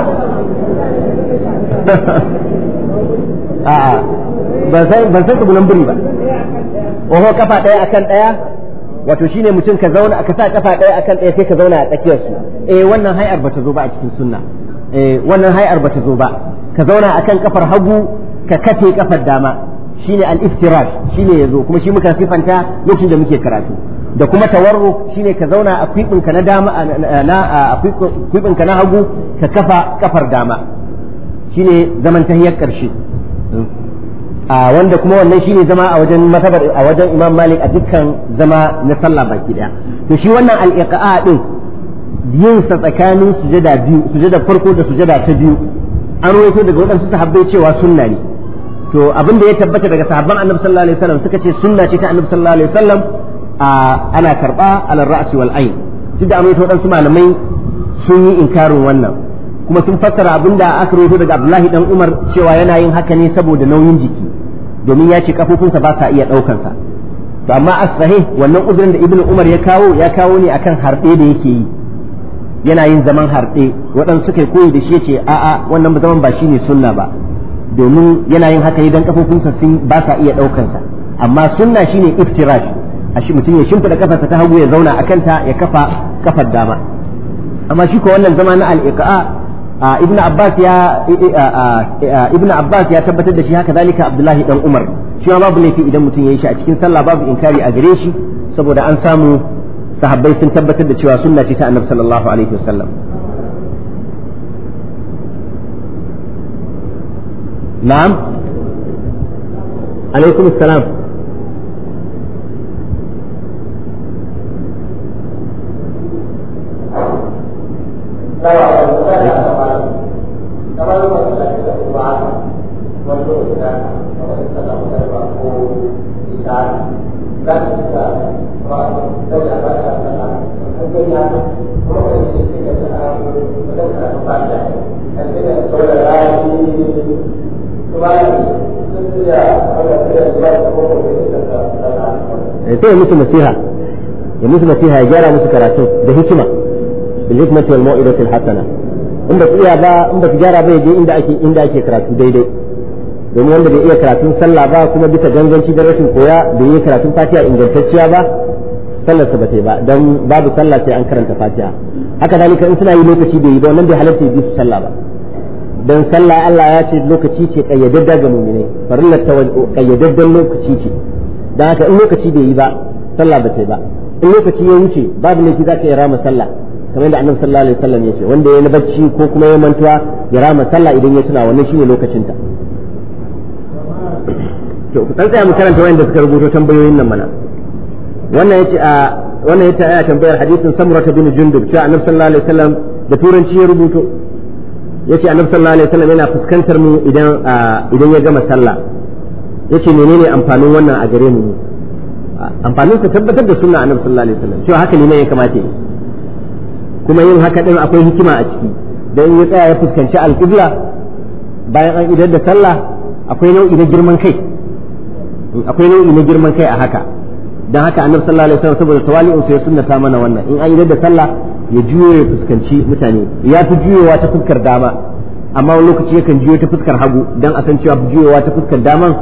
a'a ban san ban san tsibiran birni ba Ko kafa ɗaya akan ɗaya wato shine mutum ka zauna ka sa kafa ɗaya akan ɗaya sai ka zauna a tsakiyar su eh wannan hay'ar bata zo ba a cikin sunna eh wannan hay'ar bata zo ba ka zauna akan kafar hagu ka kafe kafar dama shine al-iftirash shine yazo kuma shi muka sifanta lokacin da muke karatu da kuma tawarru shine ka zauna a kwibinka na dama na kwibinka na hagu ka kafa kafar dama shine zaman tahiyar karshe a wanda kuma wannan shine zama a wajen masabar a wajen Imam Malik a dukkan zama na sallah baki daya to shi wannan al-iqa'a din yin sa tsakanin sujada biyu sujada farko da sujada ta biyu an rawaito daga waɗansu sahabbai cewa sunna ne to abin da ya tabbata daga sahabban annabi sallallahu alaihi wasallam suka ce sunna ce ta annabi sallallahu alaihi wasallam ana karba ala ra'si wal ayn duk da amma to dan su malamai sun yi inkarin wannan kuma sun fassara abin da aka rubuta daga Abdullahi dan Umar cewa yana yin haka ne saboda nauyin jiki domin ya ce kafofinsa ba sa iya daukan sa to amma as-sahih wannan uzurin da Ibn Umar ya kawo ya kawo ne akan harbe da yake yi yana yin zaman harɗe waɗansu suka koyi da shi ya ce a'a wannan zaman ba shine sunna ba domin yana yin haka ne dan kafofinsa sun ba sa iya daukar sa amma sunna shine iftirash a shi mutum ya shimfida kafarsa ta hagu ya zauna a kanta ya kafa kafar dama amma shi ko wannan zama na al ibn abbas ya ibn abbas ya tabbatar da shi haka zalika abdullahi dan umar shi ma babu laifi idan mutum ya yi shi a cikin sallah babu inkari a gare shi saboda an samu sahabbai sun tabbatar da cewa sunna ce ta annabi sallallahu alaihi wasallam na'am alaikum assalam sai ya musu nasiha ya musu nasiha ya gyara musu karatu da hikima bil hikmati wal mau'izati al hasana in ba su iya ba in ba su gyara ba ya je inda ake inda ake karatu daidai domin wanda bai iya karatun sallah ba kuma bisa ganganci da rashin koya bai yi karatun fatiha ingantacciya ba sallarsa ba ta ba dan babu sallah sai an karanta fatiha haka dalika in suna yi lokaci bai yi ba wannan bai halarta ya bi su sallah ba dan sallah Allah ya ce lokaci ce kayyadadda ga mu'minai farillar ta kayyadaddan lokaci ce da haka in lokaci bai yi ba sallah ba ta ba in lokaci ya wuce babu laifi za ka yi rama sallah kamar yadda annabi sallallahu alaihi wasallam ya ce wanda ya na bacci ko kuma ya mantuwa ya rama sallah idan ya tuna wannan shine lokacin ta to ku tsaya mu karanta wanda suka rubuto tambayoyin nan mana wannan yace a wannan yace aya tambayar hadisin samurata bin jundub cewa annabi sallallahu alaihi wasallam da turanci ya rubuto yace annabi sallallahu alaihi wasallam yana fuskantar mu idan idan ya gama sallah yace menene amfanin wannan a gare mu amfanin ka tabbatar da sunna annabi sallallahu alaihi wasallam cewa haka ne ya kamata kuma yin haka din akwai hikima a ciki dan in ya tsaya ya fuskanci alqibla bayan an idar da sallah akwai nau'i na girman kai akwai nau'i na girman kai a haka dan haka annabi sallallahu alaihi wasallam saboda tawali'u sai sunnata mana wannan in an idar da sallah ya juyo ya fuskanci mutane ya fi juyowa ta fuskar dama amma wani lokaci yakan juyo ta fuskar hagu dan a san cewa juyowa ta fuskar daman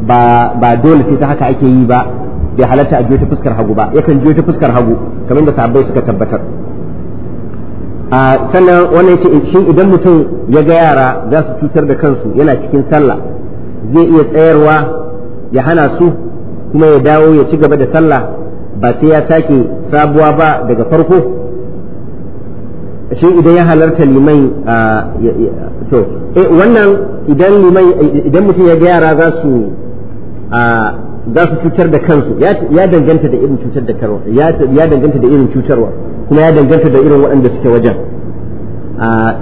ba ba dole sai ta haka ake yi ba bai halatta a ta fuskar hagu ba yakan ta fuskar hagu kamar da sahabbai suka tabbatar a sannan wannan yace shin idan mutum ya ga yara za su cutar da kansu yana cikin sallah zai iya tsayarwa ya hana su kuma ya dawo ya ci gaba da sallah ba sai ya sake sabuwa ba daga farko shi idan ya halarta liman to eh, wannan idan liman idan mutum ya ga yara za su za su cutar da kansu ya danganta da irin cutar da karwa ya danganta da irin cutarwa kuma ya danganta da irin waɗanda suke wajen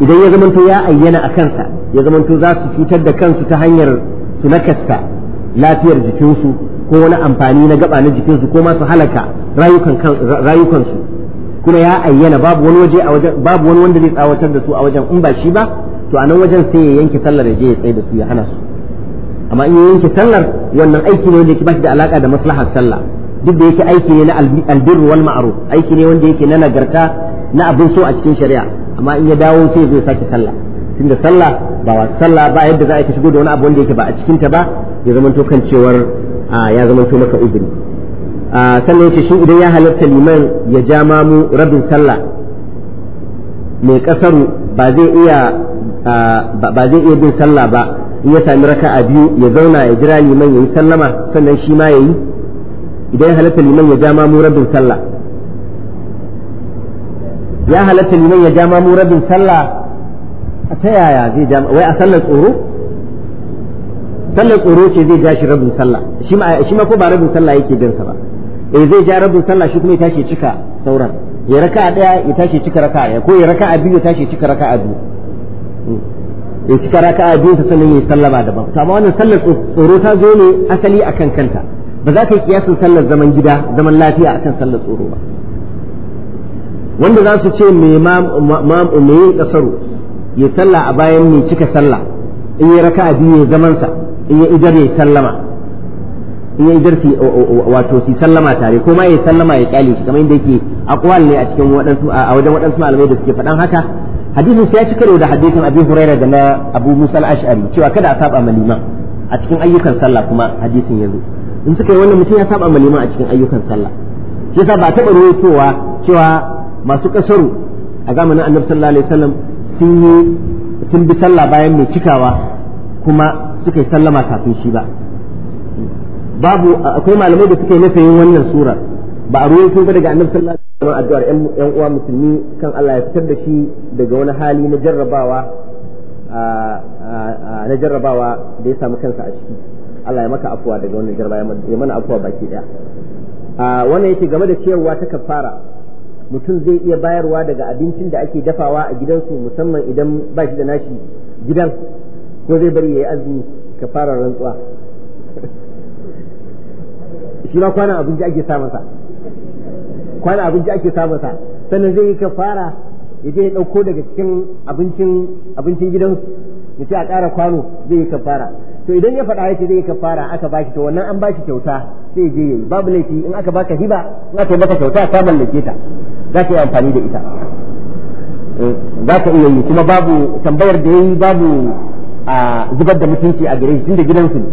idan ya zamanto ya ayyana a kansa ya zamanto za su cutar da kansu ta hanyar su nakasta lafiyar jikinsu ko wani amfani na gaba na jikinsu ko masu halaka rayukansu kuma ya ayyana babu wani waje a wajen babu wani wanda zai tsawatar da su a wajen in ba shi ba to a nan wajen sai ya yanke sallar ya je ya tsaye da su ya hana su amma in yanke sallar wannan aiki ne wanda yake bashi da alaka da maslahar sallah duk da yake aiki ne na albirru wal ma'ruf aiki ne wanda yake na nagarta na abin so a cikin shari'a amma in ya dawo sai zai sake sallah tunda sallah ba wa sallah ba yadda za a shigo da wani abu wanda yake ba a cikin ta ba ya zamanto kan cewar ya zamanto maka uzuri sannan yace shi idan ya halarta liman ya ja mamu rabin sallah mai kasaru ba zai iya ba zai iya bin sallah ba in ya sami a biyu ya zauna ya jira liman yi sallama sannan shi ma ya yi idan halatta liman ya ja mamu rabin sallah ya halatta liman ya ja mamu rabin sallah a ta yaya zai ja wai a sallar tsoro sallar tsoro ce zai ja shi rabin sallah shi ma shi ma ko ba rabin sallah yake jin sa ba eh zai ja rabin sallah shi kuma ya tashi cika sauran ya a daya ya tashi cika raka'a ko ya raka'a biyu ya tashi cika a biyu hmm. ya cika raka'a biyu ta sannan ya sallama daban to amma wannan sallar tsoro ta zo ne asali akan kanta ba za ka yi kiyasin sallar zaman gida zaman lafiya akan sallar tsoro ba wanda za su ce me me kasaru ya salla a bayan mai cika sallah in ya a biyu ya zamansa in ya idar ya sallama in ya idar si wato si sallama tare ko ma ya sallama ya kyale shi kamar yadda yake akwal ne a cikin waɗansu a wajen waɗansu malamai da suke faɗan haka hadisin sai ya ci karo da hadisin Abi Huraira da na Abu Musa al'ashari cewa kada a saba ma liman a cikin ayyukan sallah kuma hadisin ya zo in suka yi wannan mutum ya saba ma liman a cikin ayyukan sallah shi yasa ba taba ruwaitowa cewa masu kasaru a zamanin Annabi sallallahu alaihi wasallam sun yi bi sallah bayan mai cikawa kuma suka yi sallama kafin shi ba babu akwai malamai da suka yi nafayin wannan surar ba a sun ba daga annabi sallallahu alaihi wasallam addu'ar ƴan uwa musulmi kan Allah ya fitar da shi daga wani hali na jarrabawa na jarrabawa da ya samu kansa a ciki Allah ya maka afuwa daga wannan jarrabawa ya mana afuwa baki daya wannan yake game da ciyarwa ta kafara mutum zai iya bayarwa daga abincin da ake dafawa a gidansu musamman idan ba shi da nashi gidan ko zai bari ya yi azumi kafarar rantsuwa shi ma kwanan abinci ake sa kwana abinci ake samun sa sannan zai yi kafara ya je dauko daga cikin abincin abincin gidansu ya ce a ƙara kwano zai yi kafara to idan ya faɗa yake zai yi kafara aka shi to wannan an shi kyauta sai je yayi babu laifi in aka baka hiba in aka baka kyauta ka mallake ta za ka yi amfani da ita eh, za ka iya yi kuma babu tambayar da yayi babu a zubar da mutunci a gare shi tunda gidansu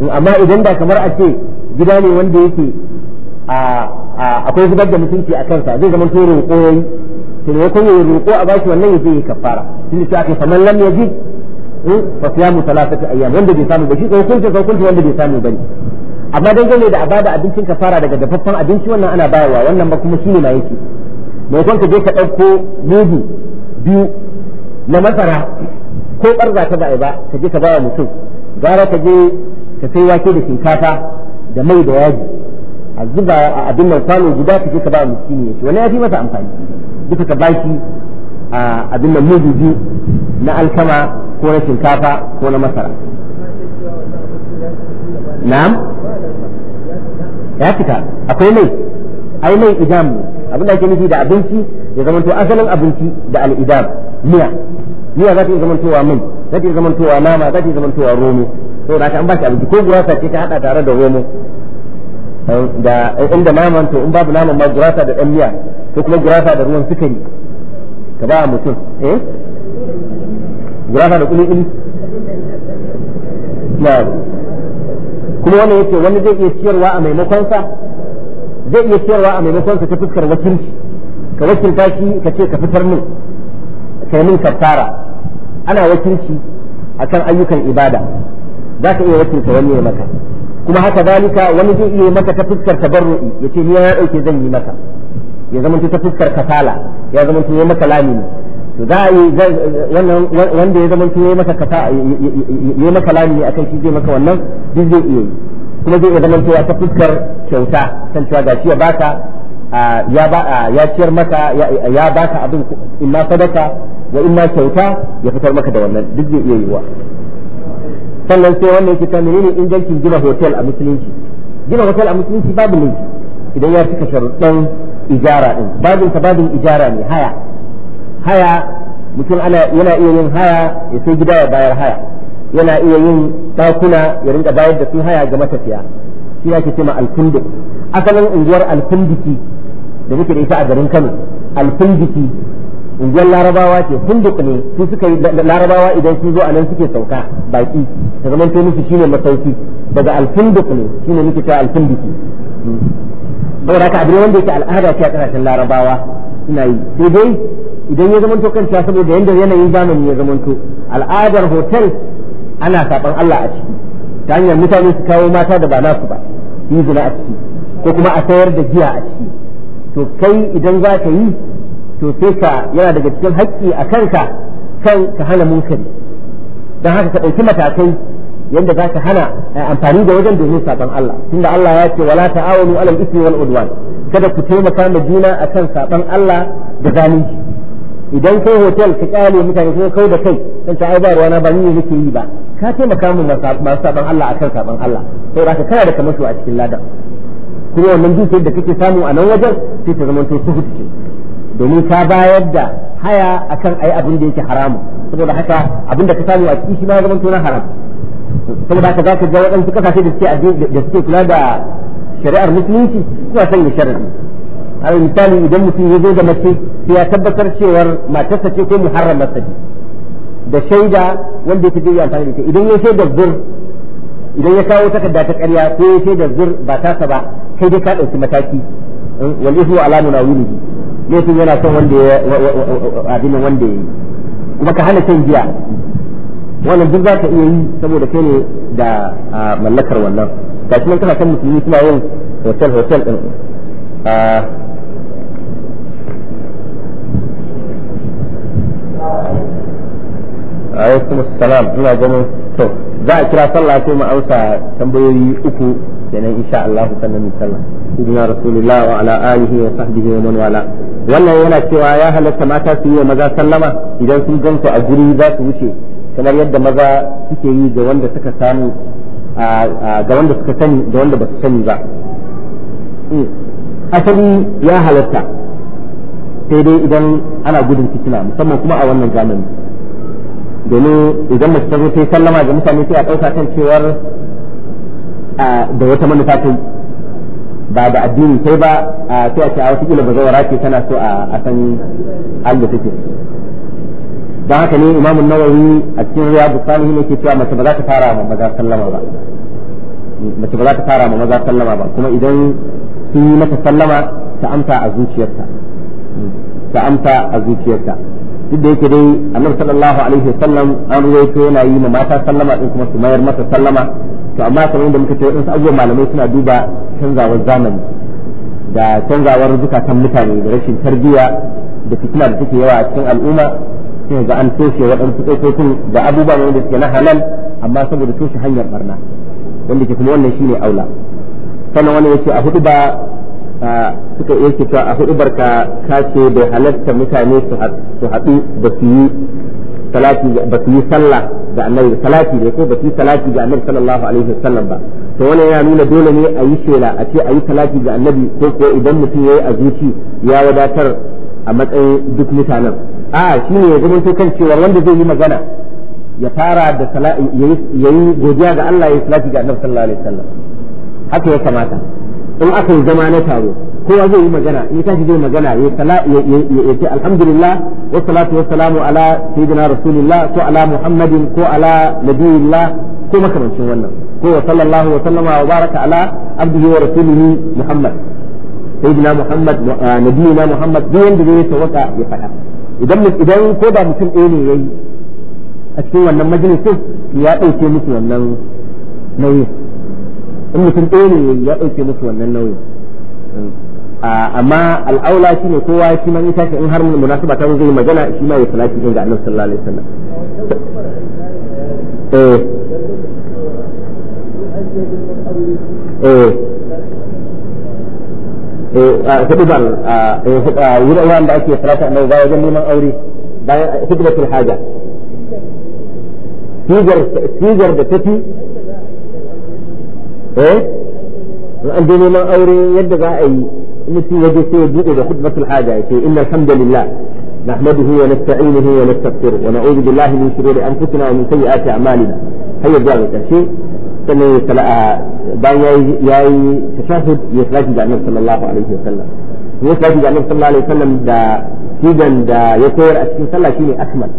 ne amma idan da kamar a ce gida ne wanda yake a akwai zubar da mutunci a kansa zai zama to roƙo yayi to ne kun yi roƙo a bashi wannan yaje yi kafara tunda sai aka faman lam yaji eh, fa siyamu thalathati ayyam wanda bai samu ba shi ko kunta ko kunta wanda bai samu bane amma dangane da abada abincin kafara daga dafaffen abinci wannan ana bayarwa wannan ba kuma shine ma yake mai kwanka je ka ɗauko mudu biyu na masara ko barza ta bai ba ka je ka ba mutum gara ka je ka sai wake da shinkafa da mai da yaji a zuba a abin nan kwano guda ka ka ba miskini ya ce wani ya fi masa amfani duka ka baki a abin nan mudu biyu na alkama ko na shinkafa ko na masara na'am ya fita akwai mai ai mai idam ne abin da ake nufi da abinci ya to asalin abinci da al'idam miya miya za ta iya zamantowa mai za ta iya zamantowa nama za ta iya zamantowa romo saboda haka an ba shi abinci ko gurasa ce ta hada tare da romo da inda naman to in babu naman ma gurasa da dan miya ko kuma gurasa da ruwan sukari ka ba mutum eh gurasa da kuli kuli na kuma wani yake wani zai iya ciyarwa a maimakon sa zai iya ciyarwa a maimakon sa ta fuskar wakilci ka wakilta shi ka ce ka fitar min kai min kaftara ana wakilci akan ayyukan ibada za ka iya wakilta wani ya maka kuma haka zalika wani zai iya maka ta fuskar tabarru'i yace ni ya dauke zan yi maka ya zamanta ta fuskar kasala ya zama ya maka lamini to za a yi wanda ya zama ya maka kasa ya maka lamini ne akan shi zai maka wannan duk zai iya yi kuma zai iya zaman ta fuskar kyauta san cewa gashi ya baka ya ba ya ciyar maka ya baka abin imma sadaka wa imma kyauta ya fitar maka da wannan duk zai iya yiwa sannan sai wanda ke kan menene ingancin gina hotel a musulunci gina hotel a musulunci babu ne idan ya cika sharuɗan ijara din babin ta babin ijara ne haya haya mutum ana yana iya yin haya ya sai gida ya bayar haya yana iya yin ɗakuna ya rinka bayar da su haya ga matafiya shi ya ke cema alfundik asalin unguwar alfunduki da muke da ita a garin kano alfunduki. unguwar larabawa ce hunduk ne su suka yi larabawa idan su zo a nan suke sauka baki ta zama musu shine masauki daga alfunduk ne shine muke ta alfunduki saboda haka abin wanda yake al'ada ce a kasashen larabawa suna yi sai dai idan ya zamanto kanta saboda yanda yanayin zamani ya zamanto al'adar hotel ana saban Allah a ciki ta hanyar mutane su kawo mata da ba nasu ba yi zina a ciki ko kuma a sayar da giya a ciki to kai idan za ka yi to sai ka yana daga cikin haƙƙi a kanka kan ka hana munkari don haka ka ɗauki matakai yadda za ka hana eh, amfani da wajen domin saɓon Allah tunda Allah ya ce wala ta'awunu alal ismi wal udwan kada ku taimaka ma juna akan saɓon Allah da zalunci idan kai hotel ka kyale mutane kuma kau da kai kan ta ai ba ba ni yake yi ba ka taimaka mu masu saɓon Allah akan saɓon Allah saboda ka kana da kamasho a cikin ladan kuma wannan dukiyar da kake samu a nan wajen sai ta zama to su ce domin ka bayar da haya akan ai abin da yake haramu saboda haka abin da ka samu a ciki shi ma ya zama tona haram saboda haka za ka ga waɗansu kasashe da suke da suke kula da shari'ar musulunci suna sanya sharadi har misali idan mutum ya zo da mace sai ya tabbatar cewar matarsa ce ko muharramarsa ce da shaida wanda yake zai yi amfani da ita idan ya shaida zur idan ya kawo takarda ta karya ko ya shaida zur ba tasa ba kai dai ka ɗauki mataki wal ihu ala munawihi laifin yana son wanda ya abin wanda ya yi kuma ka hana shan jiya wannan duk za ka iya yi saboda kai ne da mallakar wannan ga shi kana san musulmi suna yin hotel hotel din alaikum salam ina ganin to za a kira sallah sai mu amsa tambayoyi uku kenan insha Allah sannan mu sallah ibn rasulullah wa ala alihi wa sahbihi wa man wala wannan yana cewa ya halatta mata su yi wa maza sallama idan sun gansu a guri za su wuce kamar yadda maza suke yi ga wanda suka samu ga wanda suka sani da wanda ba su sani ba hmm. asali ya halatta sai dai idan ana gudun fitina musamman kuma a wannan zamani domin idan mace ta zo ta yi sallama ga mutane sai a ɗauka kan cewar da wata manufa ta ba da addini kai ba a sai a ce a wata kila zawara ce tana so a san Allah take don haka ne Imam nawawi a cikin riyadu salihin yake cewa mace ba za ta fara ma maza sallama ba mace ba za ta fara ma maza sallama ba kuma idan sun yi mata sallama ta amsa a zuciyarta ta amsa a zuciyarta duk da yake dai annabi sallallahu alaihi wasallam an ruwaito yana yi ma mata sallama din kuma su mayar mata sallama to amma kamar yadda muka ce waɗansu abubuwan malamai suna duba canzawar zamani da canzawar zukatan mutane da rashin tarbiyya da fitina da take yawa a cikin al'umma sai ga an toshe waɗansu tsofaffin da abubuwa ne wanda suke na halal amma saboda toshe hanyar barna wanda ke kuma wannan shine aula sannan wani yace a hudu ba suka yake cewa a hudu barka kace bai halatta mutane su haɗu da su yi salati ba su yi sallah ga annabi salati ne ko ba su yi salati ga annabi sallallahu alaihi wasallam ba to wannan ya nuna dole ne a yi shela a ce a yi salati ga annabi ko ko idan mutum yayi a zuci ya wadatar a matsayin duk mutanen a ne ya zama to kan cewa wanda zai yi magana ya fara da ya yayi godiya ga Allah ya salati ga annabi sallallahu alaihi wasallam haka ya kamata in aka yi zama na taro kowa zai yi magana in tashi zai magana ya sala ya ce alhamdulillah wa salatu wa salamu ala sayyidina rasulillah ko ala muhammadin ko ala nabiyillah ko makamancin wannan ko wa sallallahu wa sallama wa baraka ala abdihi wa rasulihi muhammad sayyidina muhammad ah, nabiyina muhammad duk wanda zai tawaka ya faɗa idan idan ko ba mutum ɗaya ne yayi a cikin wannan majalisin ya ɗauke musu wannan nauyin in mutum ɗaya ne ya ɗauke musu wannan nauyin hmm. amma al'aula shi ne kowa shi ma ita tashi in har munasaba ta zai magana shi ma ya salati din ga Annabi sallallahu alaihi wasallam eh eh eh ban hudubar eh, wuraren da ake salata annabi baya wajen neman aure bayan hudubatul haja tijar tijar da tafi eh an je neman aure yadda za a yi مثل وجه يبدأ بخطبة الحاجة إن الحمد لله نحمده ونستعينه ونستغفره ونعوذ بالله من شرور أنفسنا ومن سيئات أعمالنا هيا ذلك شيء سنة سلاء باي ياي تشاهد يثبت النبي صلى الله عليه وسلم يثبت النبي صلى الله عليه وسلم دا سيدا دا يتير أسكن صلى شيء أكمل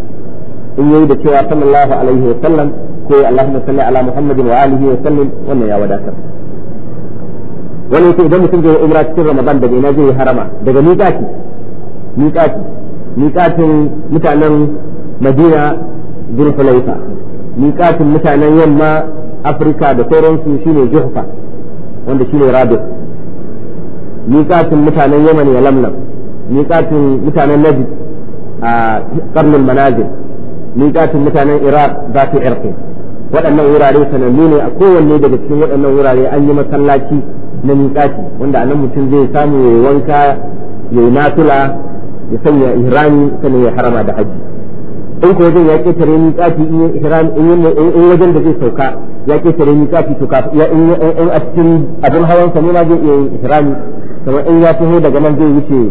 إن يريد صلى الله عليه وسلم كوي اللهم صلى على محمد وآله وسلم ونيا يا وداكم wani yace idan mutum zai umra cikin ramadan daga ina zai harama daga miƙati miƙati miƙatin mutanen madina zulhulaifa miƙatin mutanen yamma afirka da sauransu shine juhfa wanda shine rabit miƙatin mutanen yaman ya lamlam miƙatin mutanen najd a karnin manazil miƙatin mutanen iraq za ta irqin waɗannan wurare sanannu ne a kowanne daga cikin waɗannan wurare an yi masallaci na miƙati wanda a nan mutum zai samu ya wanka ya yi natula ya sanya ihrami sannan ya harama da haji in ko wajen ya ƙetare miƙati in wajen da zai sauka ya ƙetare miƙati to in a cikin abin hawan sa ne ma zai iya yin ihrami kamar in ya taho daga nan zai wuce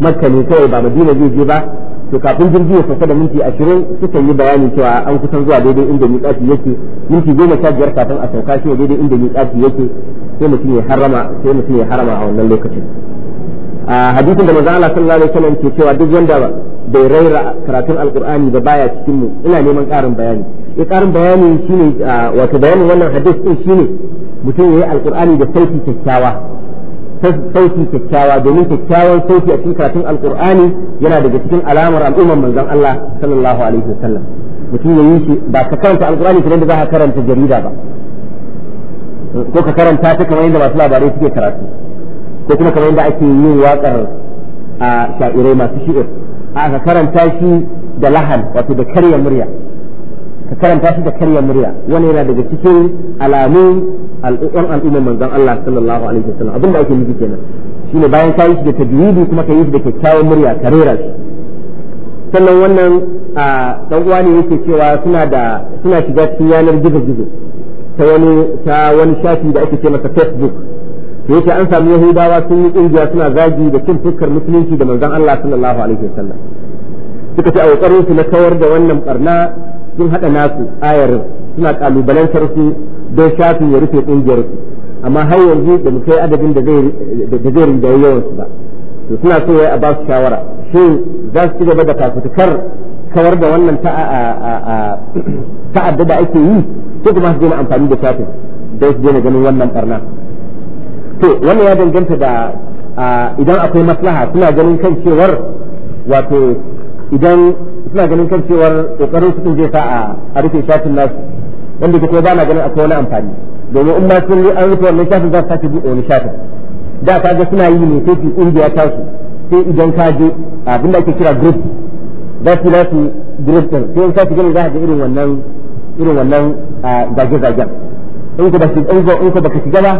makka ne kawai ba madina zai je ba to kafin jirgi ya sauka da minti ashirin suka yi bayanin cewa an kusan zuwa daidai inda miƙafi yake minti goma sha biyar kafin a sauka shi daidai inda miƙafi yake sai mutum ya harama sai mutum ya harama a wannan lokacin a hadisin da maza Allah sallallahu alaihi wasallam ke cewa duk wanda bai raira karatun alqur'ani ba baya cikin mu ina neman ƙarin bayani ya eh, ƙarin bayani shine wato bayanin wannan hadis din shine mutum yayi alqur'ani da sauti kyakkyawa sauti kyakkyawa domin kyakkyawan sauti a cikin karatun alkur'ani yana daga cikin alamar al'ummar manzon Allah sallallahu alaihi wasallam mutum ya yi shi ba ka karanta alkur'ani kamar da za ka karanta jarida ba ko ka karanta ta kamar yadda masu labarai suke karatu ko kuma kamar yadda ake yin waƙar a sha'irai masu shi'ir a ka karanta shi da lahan wato da karya murya ka karanta shi da karya murya wani yana daga cikin alamu al'ummar al'umman manzon Allah sallallahu alaihi wasallam abinda ake nufi kenan shine bayan ka yi shi da tajwidi kuma ka yi shi da kyakkyawan murya ka rera shi sannan wannan dan uwa ne yake cewa suna da suna shiga cikin yanar gizo-gizo ta wani ta wani shafi da ake ce masa Facebook to yake an samu Yahudawa sun yi kungiya suna zagi da cin fuskar musulunci da manzon Allah sallallahu alaihi wasallam suka ce a kokarin su na kawar da wannan barna sun haɗa nasu ayar suna kalubalantar su don shafin ya rufe ƙungiyar su amma har yanzu da mu kai adadin da zai rinjaye yawan su ba to suna so ya ba su shawara shin za su ci gaba da fafutukar kawar da wannan ta'adda da ake yi ko kuma su daina amfani da shafin don su daina ganin wannan barna to wannan ya danganta da idan akwai maslaha suna ganin kan cewar wato idan suna ganin kan cewar kokarin su din zai sa a rufe shafin nasu wanda ke ba na ganin akwai wani amfani domin in ma sun yi an rufe wannan shafin za su sake buɗe wani shafin da ka ga suna yi ne sai su ƙungiya ta su sai idan ka je abin da ake kira group za su nasu group din sai in ka ci gani za ka ga irin wannan irin wannan zage-zagen in ku ba su ku in ku ka shiga ba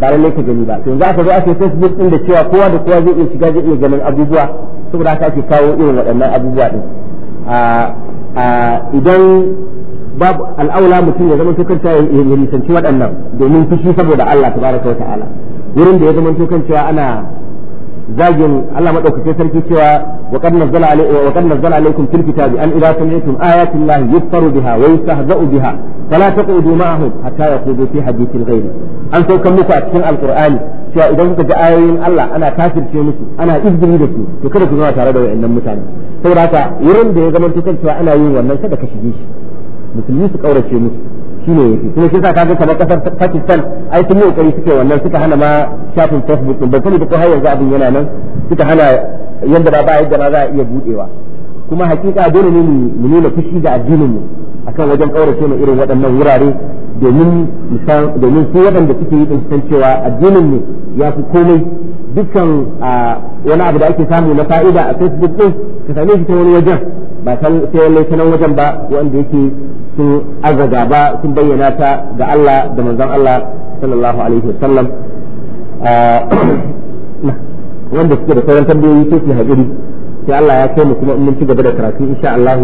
ba lalle ka gani ba to yanzu aka zo ake Facebook din da cewa kowa da kowa zai iya shiga zai iya ganin abubuwa saboda haka ake kawo irin waɗannan abubuwa din idan babu al'aula mutum ya zama to kanta ya nisanci waɗannan domin fushi saboda Allah tabaraka wa ta'ala wurin da ya zama to kanta ana zagin Allah madaukake sarki cewa wa qad nazzala alaykum wa qad nazzala alaykum fil kitabi an idza sami'tum ayati llahi yuftaru biha wa yastahza'u biha fala taqudu ma'ahum hatta yaqudu fi hadithin ghayri an saukan muku a cikin alqur'ani cewa idan kuka ji ayoyin Allah ana kafirce musu ana izini da su to kada ku zama tare da wayannan mutane saboda haka wurin da ya zama cikin cewa ana yin wannan kada ka shige shi musulmi su kaurace musu shine yake kuma shi yasa ga kamar kasar Pakistan ai sun yi kokari suke wannan suka hana ma shafin Facebook din ba sani ba ko har yanzu abin yana nan suka hana yanda ba ba yadda ba za a iya budewa kuma hakika dole ne mu nuna fushi da addinin mu akan wajen kaurace mu irin waɗannan wurare domin domin su waɗanda suke yi san cewa addinin ne ya fi komai dukkan wani abu da ake samu na fa'ida a facebook ɗin ka same shi ta wani wajen ba ta yi laifin nan wajen ba wanda yake sun azaga ba sun bayyana ta ga Allah da manzon Allah sallallahu alaihi wasallam wanda suke da sauran tambayoyi ko su haƙuri sai Allah ya kai mu kuma in mun ci gaba da karatu insha Allah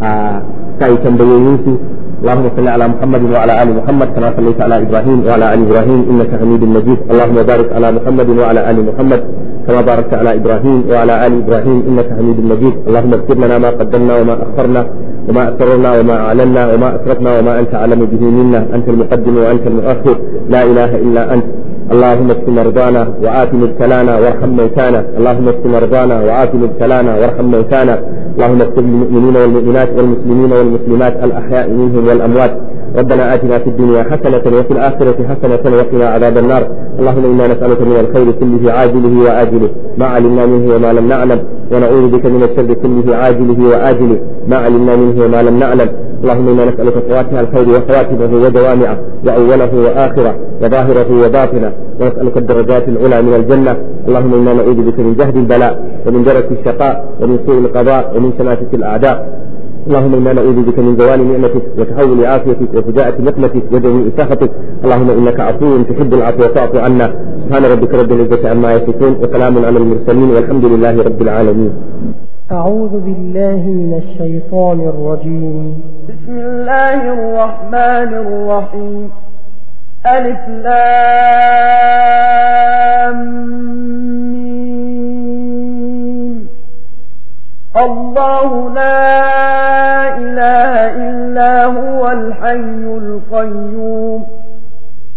a kai tambayoyinsu اللهم صل على محمد وعلى ال محمد كما صليت على ابراهيم وعلى ال ابراهيم انك حميد مجيد اللهم بارك على محمد وعلى ال محمد كما باركت على ابراهيم وعلى ال ابراهيم انك حميد مجيد اللهم اغفر لنا ما قدمنا وما اخرنا وما أسررنا وما أعلنا وما أسرفنا وما أنت أعلم به منا أنت المقدم وأنت المؤخر لا إله إلا أنت اللهم اشف مرضانا وآت مبتلانا وارحم موتانا اللهم اشف مرضانا وآت مبتلانا وارحم موتانا اللهم اكتب للمؤمنين والمؤمنات والمسلمين والمسلمات الأحياء منهم والأموات ربنا آتنا في الدنيا حسنة وفي الآخرة حسنة وقنا عذاب النار اللهم إنا نسألك من الخير كله عاجله وآجله ما علمنا منه وما لم نعلم ونعوذ بك من الشر كله عاجله وآجله ما علمنا منه وما لم نعلم اللهم إنا نسألك فواتح الخير وخواتمه ودوامعه وأوله وآخره وظاهره وباطنه ونسألك الدرجات العلى من الجنة اللهم إنا نعوذ بك من جهد البلاء ومن جرة الشقاء ومن سوء القضاء ومن شماتة الأعداء اللهم انا نعوذ بك من زوال نعمتك وتحول عافيتك وفجاءة نقمتك وجميع سخطك، اللهم انك عفو تحب العفو فاعف عنا، سبحان ربك رب العزة عما يصفون وسلام على المرسلين والحمد لله رب العالمين. أعوذ بالله من الشيطان الرجيم بسم الله الرحمن الرحيم ألف لام الله لا إله إلا هو الحي القيوم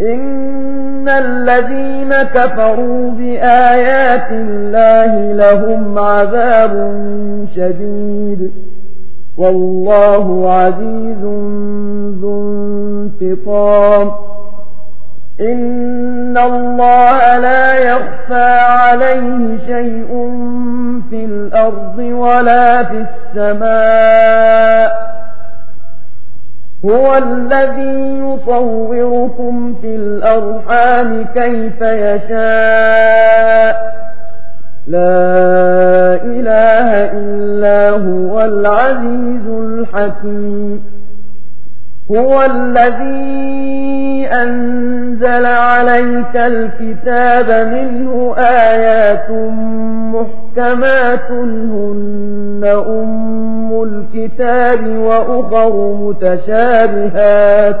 إن الذين كفروا بآيات الله لهم عذاب شديد والله عزيز ذو انتقام إن الله لا يخفى عليه شيء في الأرض ولا في السماء هو الذي يصوركم في الأرحام كيف يشاء لا إله إلا هو العزيز الحكيم هو الذي أنزل عليك الكتاب منه آيات محكمات هن أم الكتاب وأخر متشابهات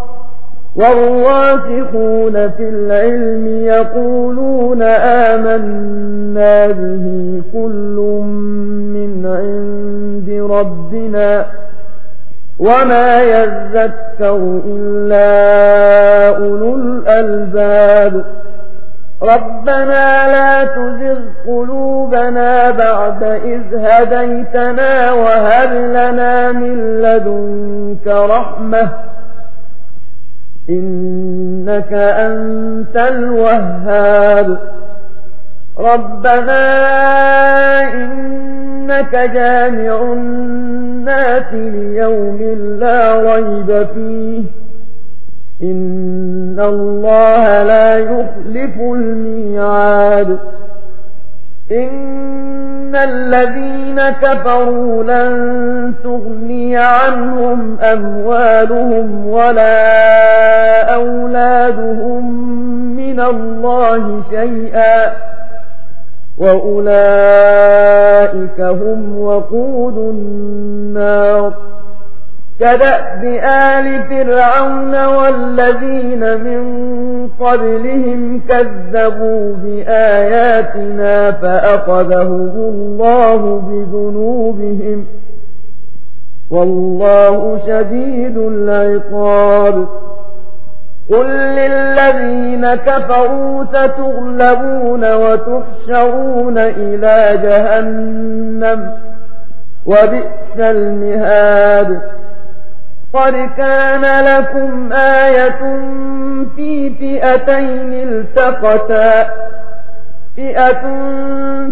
والراسخون في العلم يقولون آمنا به كل من عند ربنا وما يذكر إلا أولو الألباب ربنا لا تزغ قلوبنا بعد إذ هديتنا وهب لنا من لدنك رحمة إنك أنت الوهاب ربنا إنك جامع الناس ليوم لا ريب فيه إن الله لا يخلف الميعاد إن إن الذين كفروا لن تغني عنهم أموالهم ولا أولادهم من الله شيئا وأولئك هم وقود النار كدأب آل فرعون والذين من قبلهم كذبوا بآياتنا فأخذهم الله بذنوبهم والله شديد العقاب قل للذين كفروا ستغلبون وتحشرون إلى جهنم وبئس المهاد قد كان لكم آية في فئتين التقتا فئة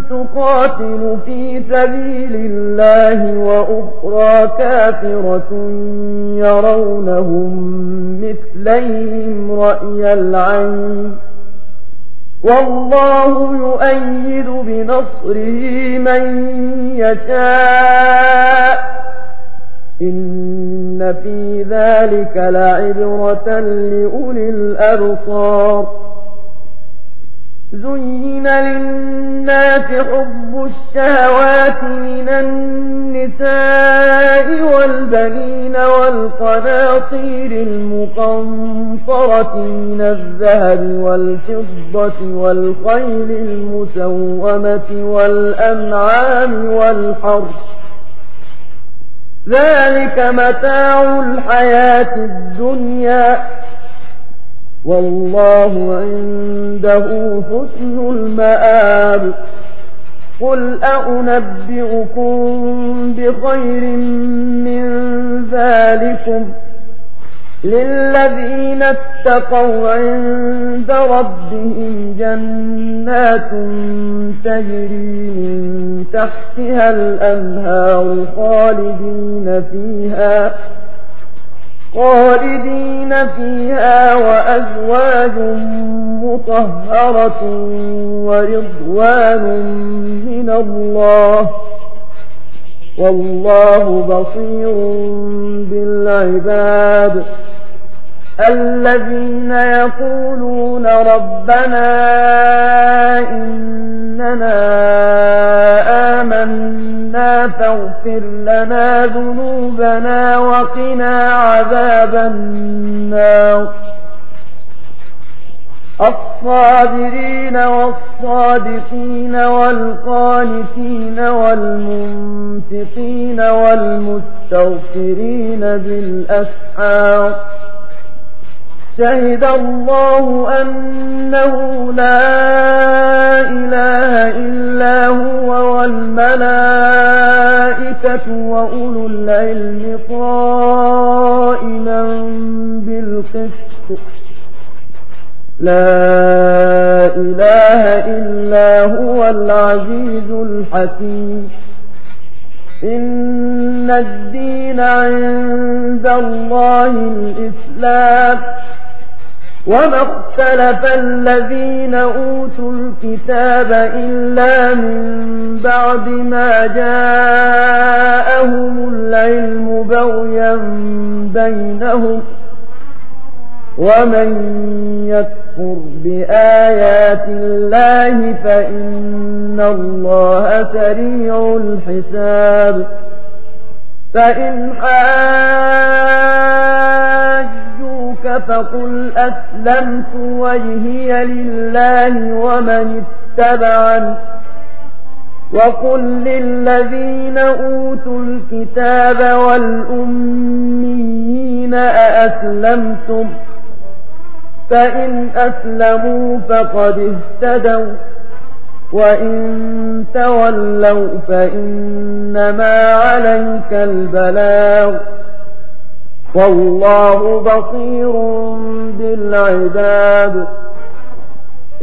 تقاتل في سبيل الله وأخرى كافرة يرونهم مثليهم رأي العين والله يؤيد بنصره من يشاء إن في ذلك لعبرة لأولي الأبصار زين للناس حب الشهوات من النساء والبنين والقناطير المقنطرة من الذهب والفضة والخيل المسومة والأنعام والحرث ذلك متاع الحياة الدنيا والله عنده حسن المآب قل أأنبئكم بخير من ذلكم ۖ للذين اتقوا عند ربهم جنات تجري من تحتها الأنهار خالدين فيها خالدين فيها وأزواج مطهرة ورضوان من الله ۖ والله بصير بالعباد الذين يقولون ربنا إننا آمنا فاغفر لنا ذنوبنا وقنا عذاب النار الصابرين والصادقين والقانتين والمنفقين والمستغفرين بالأسحار شهد الله أنه لا إله إلا هو والملائكة وأولو العلم قائما بالقسط لا إله إلا هو العزيز الحكيم إن الدين عند الله الإسلام وما اختلف الذين أوتوا الكتاب إلا من بعد ما جاءهم العلم بغيا بينهم ۖ ومن يكفر بآيات الله فإن الله سريع الحساب فإن حاجوك فقل أسلمت وجهي لله ومن اتبعني وقل للذين أوتوا الكتاب والأميين أأسلمتم ۖ فإن أسلموا فقد اهتدوا وإن تولوا فإنما عليك البلاغ والله بصير بالعباد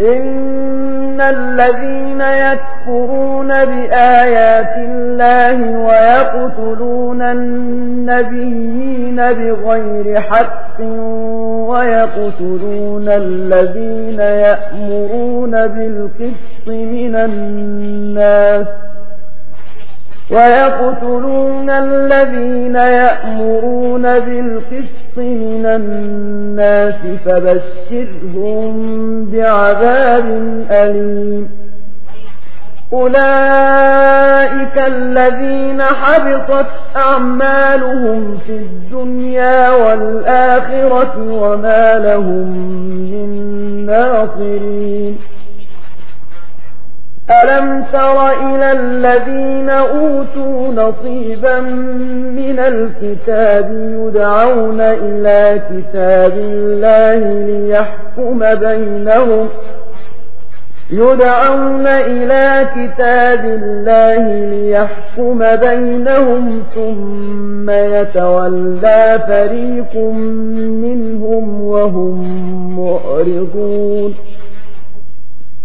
إن الذين يكفرون بآيات الله ويقتلون النبيين بغير حق ويقتلون الذين يأمرون بالقسط من الناس ويقتلون الذين يأمرون بالقسط من الناس فبشرهم بعذاب أليم أولئك الذين حبطت أعمالهم في الدنيا والآخرة وما لهم من ناصرين ألم تر إلى الذين أوتوا نصيبا من الكتاب يدعون إلى كتاب الله ليحكم بينهم يدعون إلى كتاب الله ليحكم بينهم ثم يتولى فريق منهم وهم معرضون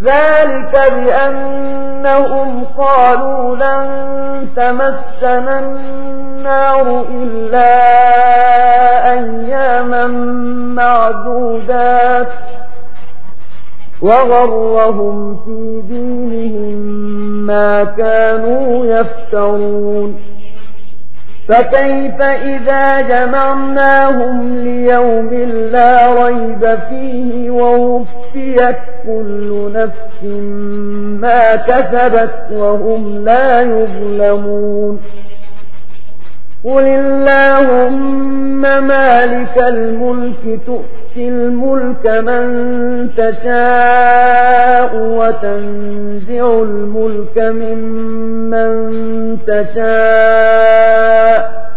ذلك بأنهم قالوا لن تمسنا النار إلا أياما معدودات وغرهم في دينهم ما كانوا يفترون فكيف إذا جمعناهم ليوم لا ريب فيه ووفيت كل نفس ما كسبت وهم لا يظلمون قل اللهم مالك الملك تؤتي الملك من تشاء وتنزع الملك ممن تشاء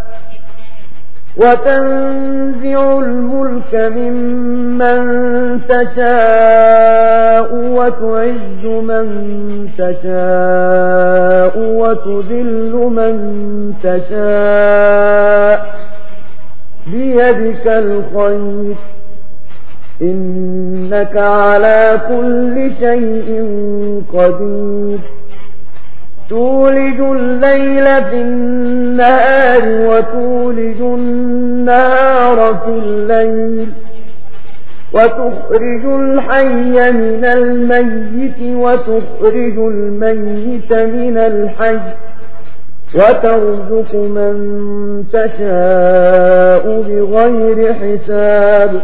وتنزع الملك ممن تشاء وتعز من تشاء وتذل من تشاء بيدك الخير إنك على كل شيء قدير تولج الليل في النهار وتولج النار في الليل وتخرج الحي من الميت وتخرج الميت من الحي وترزق من تشاء بغير حساب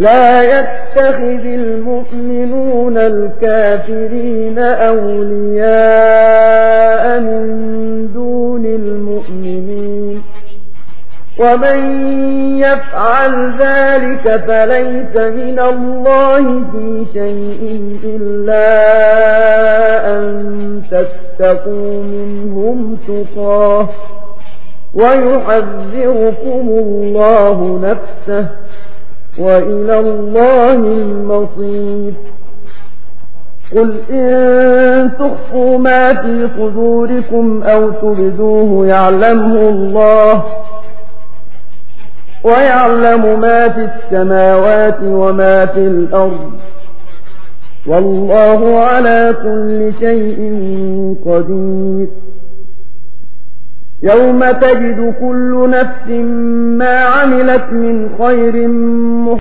لا يتخذ المؤمنون الكافرين أولياء من دون المؤمنين ومن يفعل ذلك فليس من الله في شيء إلا أن تستقوا منهم تقاه ويحذركم الله نفسه وإلى الله المصير قل إن تخفوا ما في صدوركم أو تبدوه يعلمه الله ويعلم ما في السماوات وما في الأرض والله على كل شيء قدير يوم تجد كل نفس ما عملت من خير محضر